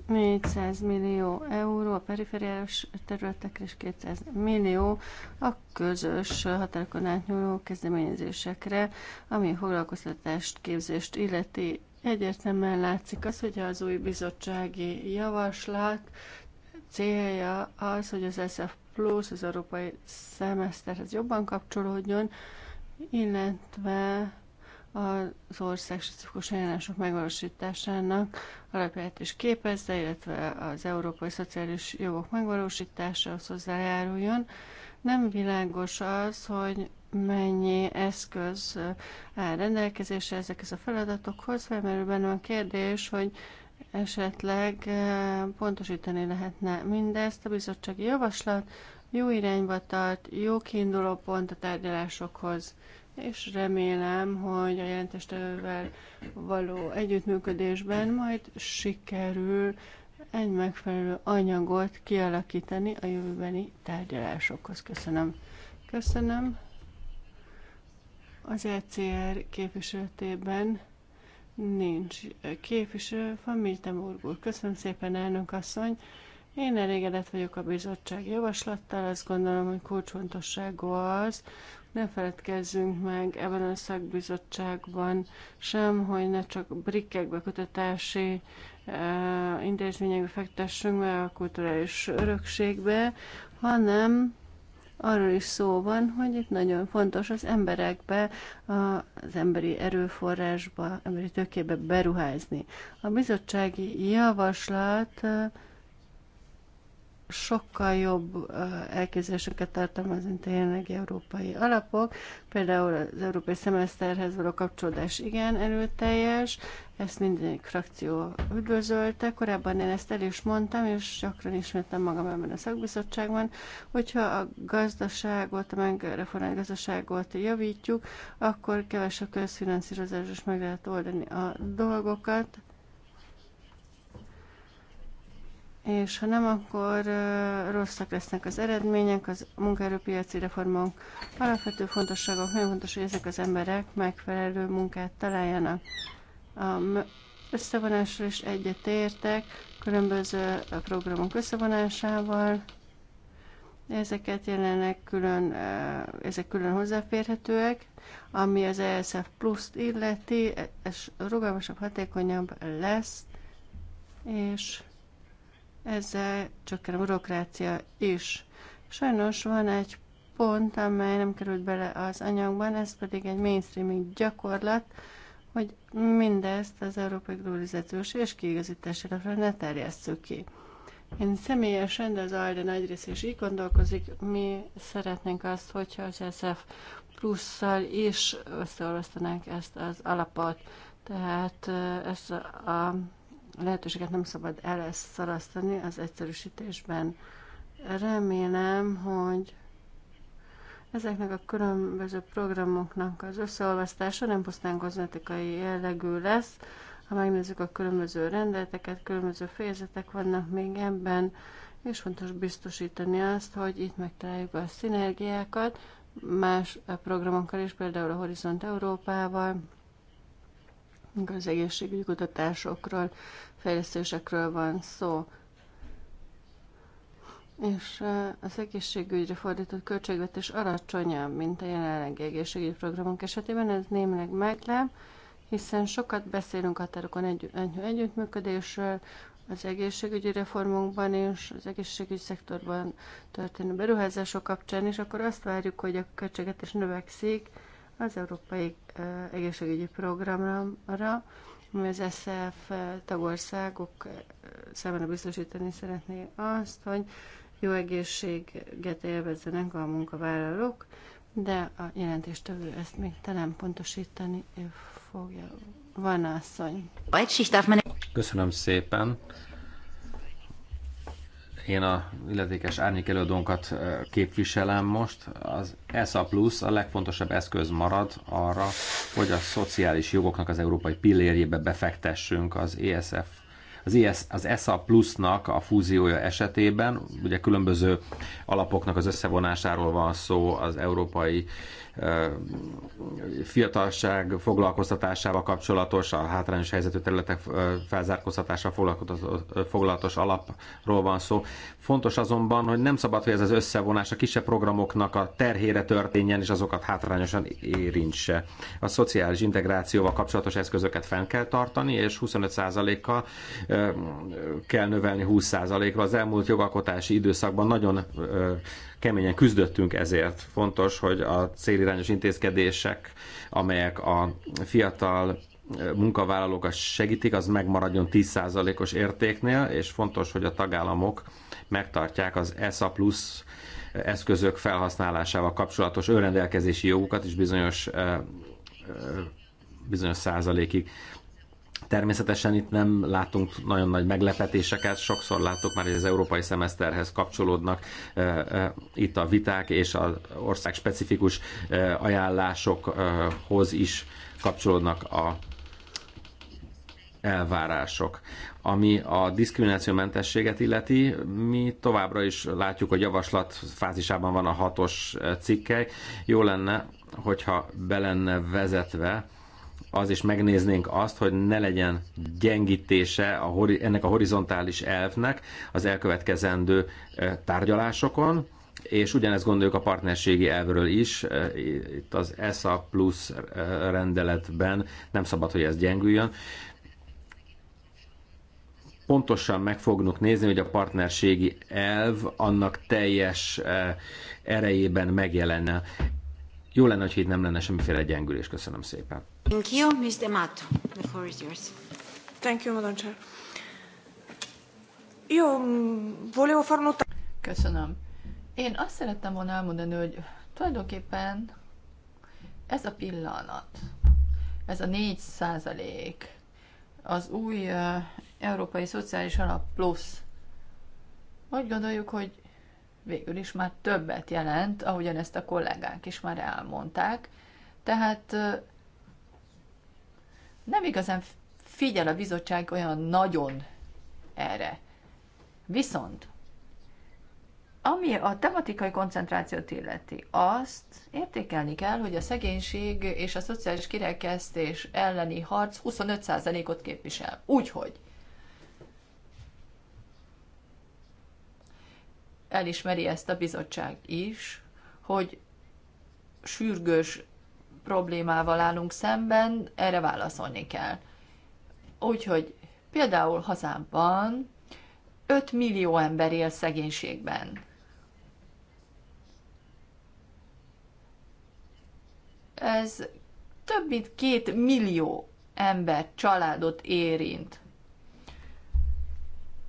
...400 millió euró a perifériás területekre és 200 millió a közös határokon átnyúló kezdeményezésekre, ami foglalkoztatást, képzést illeti Egyértelműen látszik az, hogy az új bizottsági javaslat célja az, hogy az SF Plus, az európai szemeszterhez jobban kapcsolódjon, illetve az ország specifikus ajánlások megvalósításának alapját is képezze, illetve az európai szociális jogok megvalósításához hozzájáruljon. Nem világos az, hogy mennyi eszköz áll rendelkezésre ezekhez a feladatokhoz. Felmerül bennem a kérdés, hogy esetleg pontosítani lehetne mindezt. A bizottsági javaslat jó irányba tart, jó kiinduló pont a tárgyalásokhoz, és remélem, hogy a jelentéstevővel való együttműködésben majd sikerül egy megfelelő anyagot kialakítani a jövőbeni tárgyalásokhoz. Köszönöm. Köszönöm. Az ECR képviseletében nincs képviselő, van Miltenburg úr. Köszönöm szépen, elnök asszony. Én elégedett vagyok a bizottság javaslattal, azt gondolom, hogy kulcsfontosságú az, ne feledkezzünk meg ebben a szakbizottságban sem, hogy ne csak brikkekbe kutatási uh, intézményekbe fektessünk be a kulturális örökségbe, hanem arról is szó van, hogy itt nagyon fontos az emberekbe, az emberi erőforrásba, emberi tökébe beruházni. A bizottsági javaslat sokkal jobb elképzeléseket tartalmaz, mint a jelenlegi európai alapok. Például az európai szemeszterhez való kapcsolódás igen erőteljes, ezt minden frakció üdvözölte. Korábban én ezt el is mondtam, és gyakran ismertem magam ebben a szakbizottságban, hogyha a gazdaságot, a megreformált gazdaságot javítjuk, akkor kevesebb közfinanszírozás is meg lehet oldani a dolgokat, és ha nem, akkor rosszak lesznek az eredmények, az munkaerőpiaci reformok alapvető fontosságok, nagyon fontos, hogy ezek az emberek megfelelő munkát találjanak. A összevonásról is értek, különböző programok összevonásával, ezeket jelenleg külön, ezek külön hozzáférhetőek, ami az ESF pluszt illeti, és e- rugalmasabb, hatékonyabb lesz, és ezzel csökken a bürokrácia is. Sajnos van egy pont, amely nem került bele az anyagban, ez pedig egy mainstreaming gyakorlat, hogy mindezt az európai globalizációs és kiigazítási lapra ne terjesszük ki. Én személyesen, de az Ajda nagy rész is így gondolkozik, mi szeretnénk azt, hogyha az SF plusszal is összeolvasztanánk ezt az alapot. Tehát ezt a, a a lehetőséget nem szabad elszalasztani az egyszerűsítésben. Remélem, hogy ezeknek a különböző programoknak az összeolvasztása nem pusztán kozmetikai jellegű lesz. Ha megnézzük a különböző rendeleteket, különböző fejezetek vannak még ebben, és fontos biztosítani azt, hogy itt megtaláljuk a szinergiákat más programokkal is, például a Horizont Európával, amikor az egészségügyi kutatásokról, fejlesztésekről van szó. És az egészségügyre fordított költségvetés alacsonyabb, mint a jelenlegi egészségügyi programok esetében, ez némileg meglep, hiszen sokat beszélünk határokon egy, együttműködésről, az egészségügyi reformunkban és az egészségügyi szektorban történő beruházások kapcsán, és akkor azt várjuk, hogy a költségvetés növekszik, az Európai Egészségügyi Programra, ami az SZF tagországok számára biztosítani szeretné azt, hogy jó egészséget élvezzenek a munkavállalók, de a jelentéstevő ezt még talán pontosítani fogja. Van asszony. Köszönöm szépen. Én a illetékes árnyékelődónkat képviselem most. Az ESA Plus a legfontosabb eszköz marad arra, hogy a szociális jogoknak az európai pillérjébe befektessünk az ESF az, ES, az ESA Plusnak a fúziója esetében, ugye különböző alapoknak az összevonásáról van szó, az európai uh, fiatalság foglalkoztatásával kapcsolatos, a hátrányos helyzetű területek felzárkóztatásával foglalatos alapról van szó. Fontos azonban, hogy nem szabad, hogy ez az összevonás a kisebb programoknak a terhére történjen, és azokat hátrányosan érintse. A szociális integrációval kapcsolatos eszközöket fenn kell tartani, és 25%-kal kell növelni 20%-ra. Az elmúlt jogalkotási időszakban nagyon keményen küzdöttünk ezért. Fontos, hogy a célirányos intézkedések, amelyek a fiatal munkavállalókat segítik, az megmaradjon 10%-os értéknél, és fontos, hogy a tagállamok megtartják az ESA plusz eszközök felhasználásával kapcsolatos önrendelkezési jogukat is bizonyos bizonyos százalékig. Természetesen itt nem látunk nagyon nagy meglepetéseket, sokszor látok már, hogy az európai szemeszterhez kapcsolódnak itt a viták és az ország specifikus ajánlásokhoz is kapcsolódnak a elvárások. Ami a diszkriminációmentességet illeti, mi továbbra is látjuk, hogy javaslat fázisában van a hatos cikkely. Jó lenne, hogyha be lenne vezetve az is megnéznénk azt, hogy ne legyen gyengítése a, ennek a horizontális elvnek az elkövetkezendő tárgyalásokon, és ugyanezt gondoljuk a partnerségi elvről is, itt az ESA plusz rendeletben nem szabad, hogy ez gyengüljön. Pontosan meg fognunk nézni, hogy a partnerségi elv annak teljes erejében megjelenne. Jó lenne, hogy itt nem lenne semmiféle gyengülés. Köszönöm szépen. Thank you, Ms. The floor is yours. Thank you, Madam Chair. Mm, volevo far notare... Köszönöm. Én azt szerettem volna elmondani, hogy tulajdonképpen ez a pillanat, ez a 4 százalék, az új Európai Szociális Alap Plusz, úgy gondoljuk, hogy végül is már többet jelent, ahogyan ezt a kollégák is már elmondták, tehát nem igazán figyel a bizottság olyan nagyon erre. Viszont, ami a tematikai koncentrációt illeti, azt értékelni kell, hogy a szegénység és a szociális kirekesztés elleni harc 25%-ot képvisel. Úgyhogy elismeri ezt a bizottság is, hogy sürgős problémával állunk szemben, erre válaszolni kell. Úgyhogy például hazámban 5 millió ember él szegénységben. Ez több mint két millió ember, családot érint.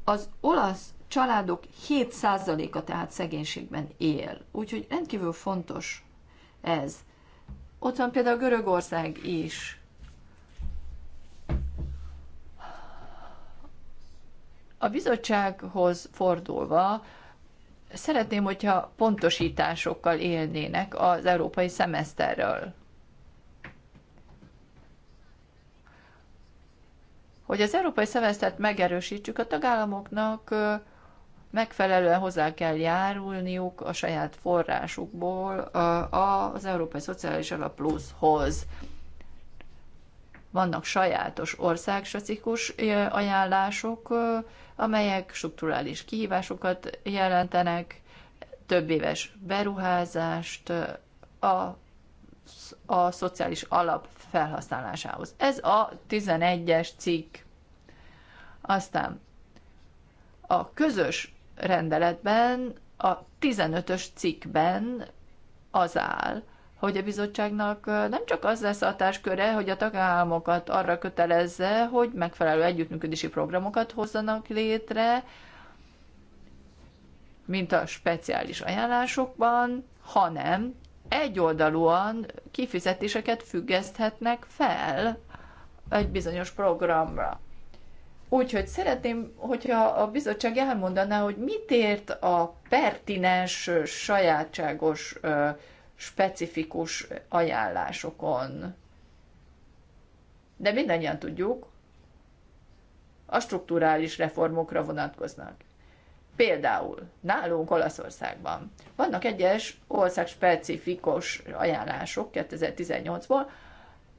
Az olasz családok 7%-a tehát szegénységben él. Úgyhogy rendkívül fontos ez. Ott van például Görögország is. A bizottsághoz fordulva szeretném, hogyha pontosításokkal élnének az európai szemeszterről. Hogy az európai szemesztert megerősítsük a tagállamoknak, megfelelően hozzá kell járulniuk a saját forrásukból az Európai Szociális Alap Pluszhoz. Vannak sajátos országspecifikus ajánlások, amelyek strukturális kihívásokat jelentenek, több éves beruházást a, a szociális alap felhasználásához. Ez a 11-es cikk. Aztán a közös rendeletben a 15-ös cikkben az áll, hogy a bizottságnak nem csak az lesz a hatásköre, hogy a tagállamokat arra kötelezze, hogy megfelelő együttműködési programokat hozzanak létre, mint a speciális ajánlásokban, hanem egyoldalúan kifizetéseket függeszthetnek fel egy bizonyos programra. Úgyhogy szeretném, hogyha a bizottság elmondaná, hogy mit ért a pertinens, sajátságos, specifikus ajánlásokon. De mindannyian tudjuk, a strukturális reformokra vonatkoznak. Például nálunk Olaszországban vannak egyes országspecifikus ajánlások 2018-ból,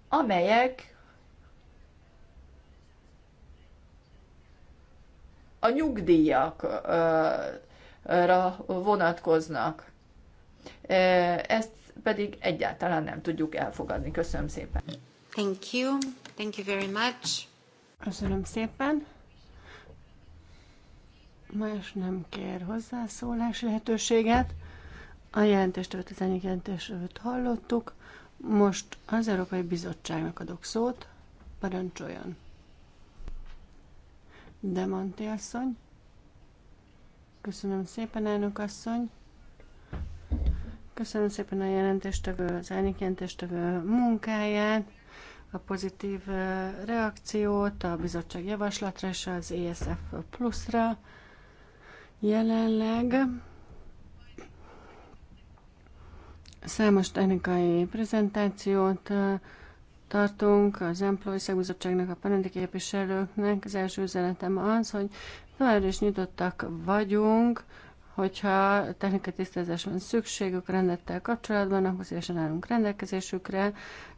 amelyek a nyugdíjakra vonatkoznak. Ezt pedig egyáltalán nem tudjuk elfogadni. Köszönöm szépen. Thank you. Thank you very much. Köszönöm szépen. Más nem kér hozzászólás lehetőséget. A jelentéstől az enyik hallottuk. Most az Európai Bizottságnak adok szót. Parancsoljon. Demanti asszony. Köszönöm szépen, elnök asszony. Köszönöm szépen a jelentéstevő, az jelentéstevő munkáját, a pozitív reakciót a bizottság javaslatra és az ESF pluszra. Jelenleg számos technikai prezentációt tartunk az Employ Szegúzottságnak a parlamenti képviselőknek. Az első üzenetem az, hogy továbbra is nyitottak vagyunk, hogyha technikai tisztázás van szükségük rendettel kapcsolatban, akkor szívesen állunk rendelkezésükre.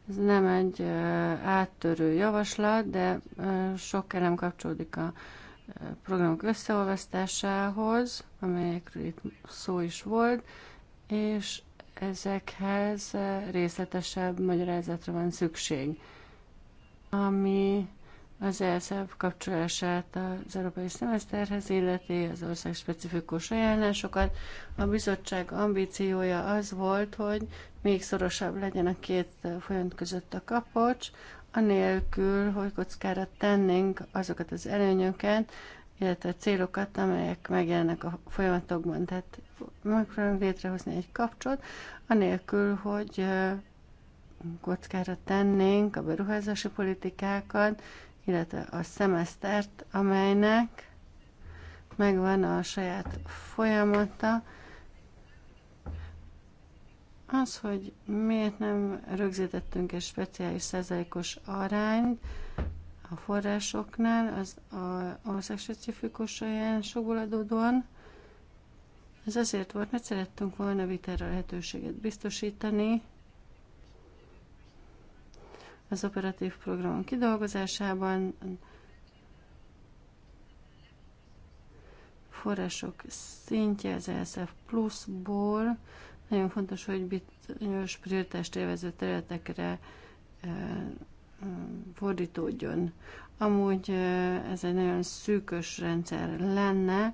Ez nem egy áttörő javaslat, de sok elem kapcsolódik a programok összeolvasztásához, amelyekről itt szó is volt, és ezekhez eh, részletesebb magyarázatra van szükség, ami az ESF kapcsolását az európai szemeszterhez illeti, az ország specifikus ajánlásokat. A bizottság ambíciója az volt, hogy még szorosabb legyen a két folyamat között a kapocs, anélkül, hogy kockára tennénk azokat az előnyöket, illetve célokat, amelyek megjelennek a folyamatokban. Tehát megpróbálunk létrehozni egy kapcsot, anélkül, hogy kockára tennénk a beruházási politikákat, illetve a szemesztert, amelynek megvan a saját folyamata. Az, hogy miért nem rögzítettünk egy speciális százalékos arányt, a forrásoknál, az a országspecifikus sokból adódóan. Ez azért volt, mert szerettünk volna vitára lehetőséget biztosítani az operatív program kidolgozásában, források szintje az ESF pluszból. Nagyon fontos, hogy bizonyos prioritást élvező területekre eh, fordítódjon. Amúgy ez egy nagyon szűkös rendszer lenne,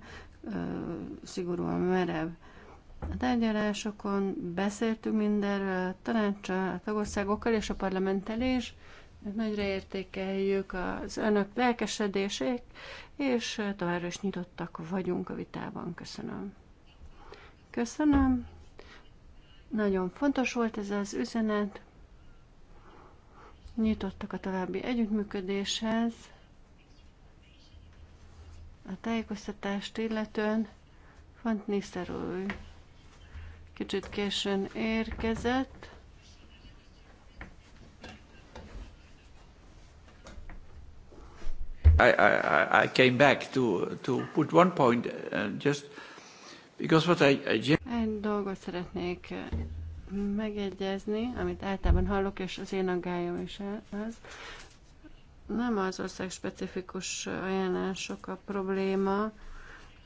szigorúan merev a tárgyalásokon, beszéltünk mindenről, a tanácssal, a tagországokkal és a parlamenttel is, nagyra értékeljük az önök lelkesedését, és továbbra is nyitottak vagyunk a vitában. Köszönöm. Köszönöm. Nagyon fontos volt ez az üzenet nyitottak a további együttműködéshez, a tájékoztatást illetően Font Niszerúj kicsit későn érkezett. I, I, I came back to, to put one point, uh, just because what I, I... Egy dolgot szeretnék megegyezni, amit általában hallok, és az én aggályom is e- az, nem az ország specifikus ajánlások a probléma,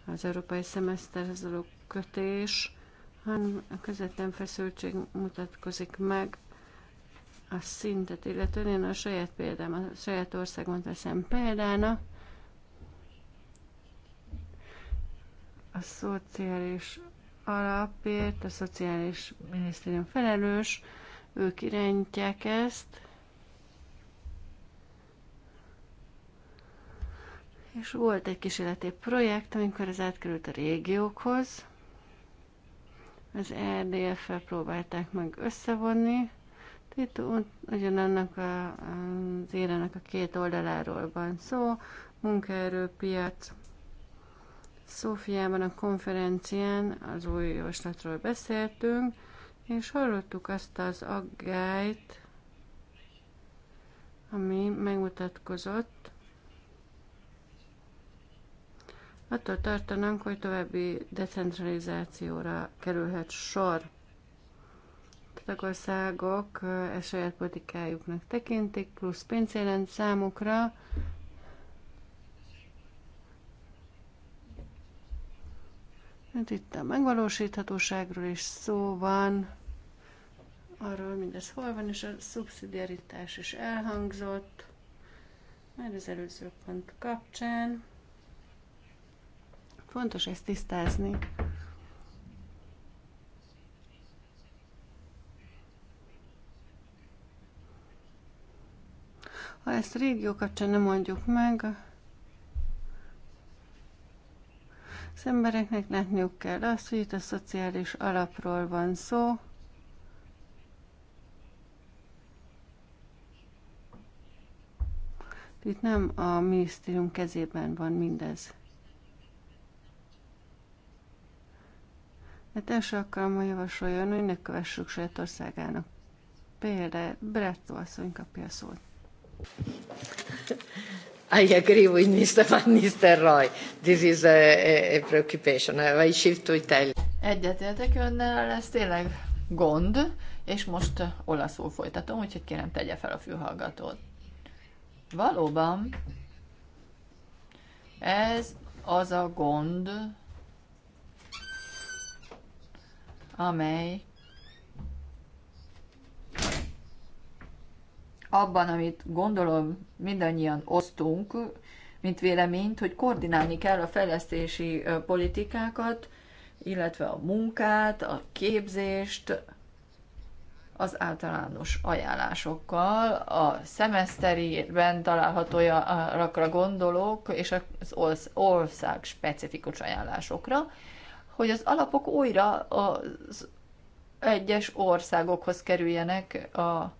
az európai szemeszterhez való kötés, hanem a közvetlen feszültség mutatkozik meg a szintet, illetően én a saját példám, a saját országomot veszem példána, a szociális alapért, a Szociális Minisztérium felelős, ők irányítják ezt. És volt egy kísérleti projekt, amikor ez átkerült a régiókhoz. Az RDF-fel próbálták meg összevonni. Itt ugyanannak a, az érenek a két oldaláról van szó, munkaerőpiac, Szófiában a konferencián az új javaslatról beszéltünk, és hallottuk azt az aggályt, ami megmutatkozott. Attól tartanak, hogy további decentralizációra kerülhet sor. A tagországok e saját politikájuknak tekintik, plusz pénzjelent számukra, Hát itt a megvalósíthatóságról is szó van, arról mindez hol van, és a szubszidiaritás is elhangzott, már az előző pont kapcsán. Fontos ezt tisztázni. Ha ezt a régió kapcsán nem mondjuk meg, Az embereknek látniuk kell azt, hogy itt a szociális alapról van szó, Itt nem a minisztérium kezében van mindez. Hát első alkalommal javasoljon, hogy ne kövessük saját országának. Például Brettó asszony kapja a szót. I agree with Mr. (laughs) Van Nistelrooy. This is a, a, preoccupation. I shift to Italy. Egyetértek önnel, ez tényleg gond, és most uh, olaszul folytatom, úgyhogy kérem tegye fel a fülhallgatót. Valóban ez az a gond, amely abban, amit gondolom mindannyian osztunk, mint véleményt, hogy koordinálni kell a fejlesztési politikákat, illetve a munkát, a képzést, az általános ajánlásokkal, a szemeszterben arra gondolok, és az ország specifikus ajánlásokra, hogy az alapok újra az egyes országokhoz kerüljenek a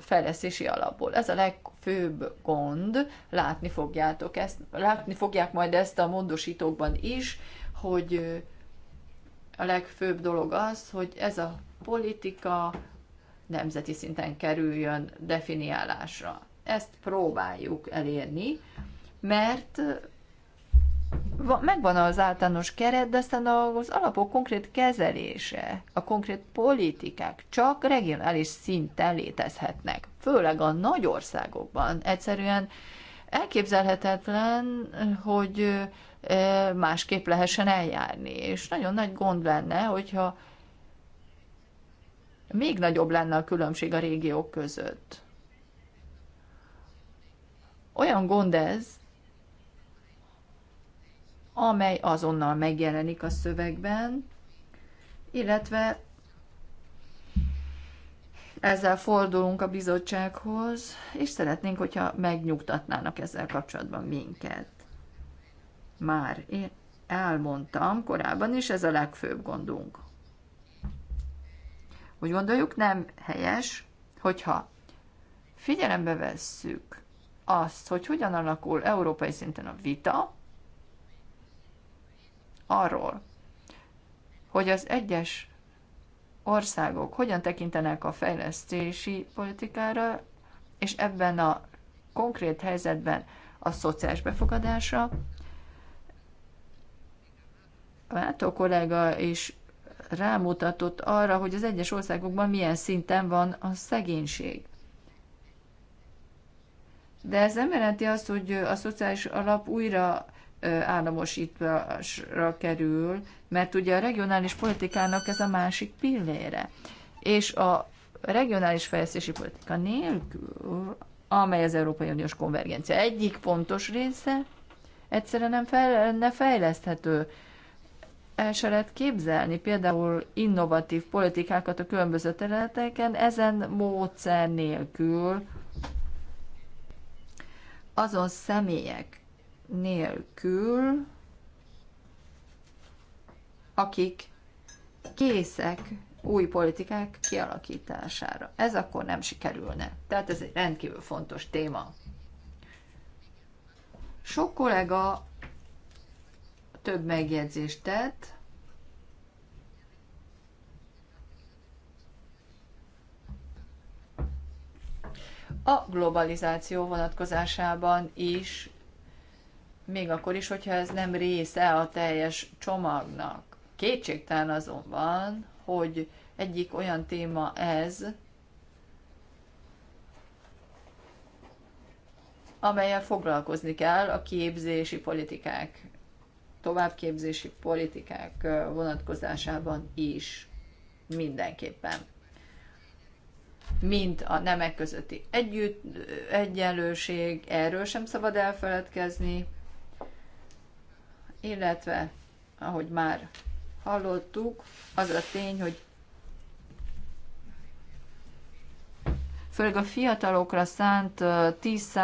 fejlesztési alapból. Ez a legfőbb gond, látni fogjátok ezt, látni fogják majd ezt a módosítókban is, hogy a legfőbb dolog az, hogy ez a politika nemzeti szinten kerüljön definiálásra. Ezt próbáljuk elérni, mert megvan az általános keret, de aztán az alapok konkrét kezelése, a konkrét politikák csak regionális szinten létezhetnek. Főleg a nagy országokban egyszerűen elképzelhetetlen, hogy másképp lehessen eljárni. És nagyon nagy gond lenne, hogyha még nagyobb lenne a különbség a régiók között. Olyan gond ez, amely azonnal megjelenik a szövegben, illetve ezzel fordulunk a bizottsághoz, és szeretnénk, hogyha megnyugtatnának ezzel kapcsolatban minket. Már én elmondtam korábban is, ez a legfőbb gondunk. Úgy gondoljuk, nem helyes, hogyha figyelembe vesszük azt, hogy hogyan alakul európai szinten a vita, arról, hogy az egyes országok hogyan tekintenek a fejlesztési politikára, és ebben a konkrét helyzetben a szociális befogadásra. Látó kollega is rámutatott arra, hogy az egyes országokban milyen szinten van a szegénység. De ez nem jelenti azt, hogy a szociális alap újra államosításra kerül, mert ugye a regionális politikának ez a másik pillére. És a regionális fejlesztési politika nélkül, amely az Európai Uniós konvergencia egyik pontos része, egyszerűen nem lenne fejleszthető. El se lehet képzelni például innovatív politikákat a különböző területeken ezen módszer nélkül azon személyek, nélkül, akik készek új politikák kialakítására. Ez akkor nem sikerülne. Tehát ez egy rendkívül fontos téma. Sok kollega több megjegyzést tett, a globalizáció vonatkozásában is még akkor is, hogyha ez nem része a teljes csomagnak. Kétségtelen azonban, hogy egyik olyan téma ez, amelyel foglalkozni kell a képzési politikák, továbbképzési politikák vonatkozásában is mindenképpen. Mint a nemek közötti együtt, egyenlőség, erről sem szabad elfeledkezni, illetve, ahogy már hallottuk, az a tény, hogy főleg a fiatalokra szánt 10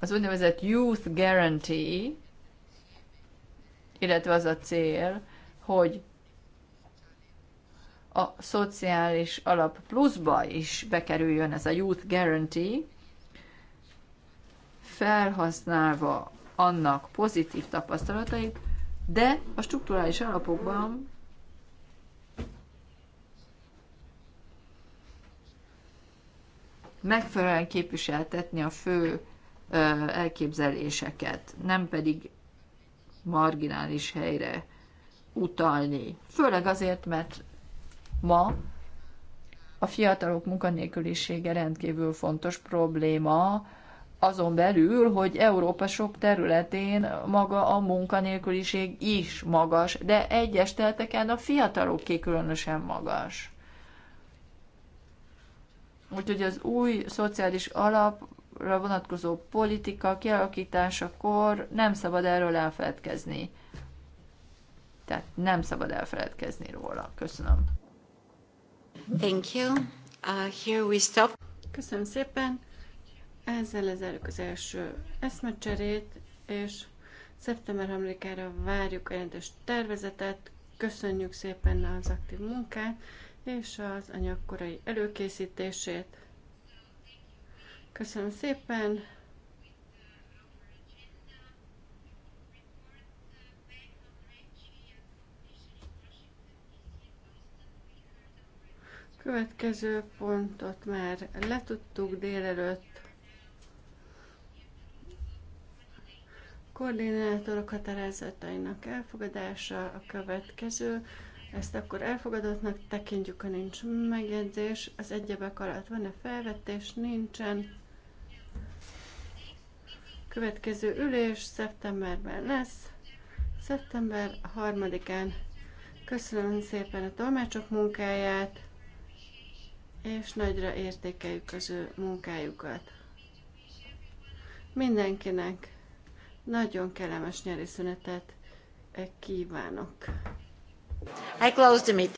az úgynevezett Youth Guarantee, illetve az a cél, hogy a szociális alap pluszba is bekerüljön ez a Youth Guarantee, felhasználva annak pozitív tapasztalatait, de a strukturális alapokban megfelelően képviseltetni a fő elképzeléseket, nem pedig marginális helyre utalni. Főleg azért, mert ma a fiatalok munkanélkülisége rendkívül fontos probléma, azon belül, hogy Európa sok területén maga a munkanélküliség is magas, de egyes területeken a fiataloké különösen magas. Úgyhogy az új szociális alapra vonatkozó politika kialakításakor nem szabad erről elfeledkezni. Tehát nem szabad elfeledkezni róla. Köszönöm. Thank you. Uh, here we stop. Köszönöm szépen ezzel lezárjuk az első eszmecserét, és szeptember emlékára várjuk a jelentős tervezetet. Köszönjük szépen az aktív munkát és az anyagkorai előkészítését. Köszönöm szépen! Következő pontot már letudtuk délelőtt. koordinátorok határozatainak elfogadása a következő. Ezt akkor elfogadottnak tekintjük, ha nincs megjegyzés. Az egyebek alatt van-e felvetés? Nincsen. Következő ülés szeptemberben lesz. Szeptember 3-án. Köszönöm szépen a tolmácsok munkáját, és nagyra értékeljük az ő munkájukat. Mindenkinek! Nagyon kellemes nyári szünetet eh, kívánok. I close the meeting.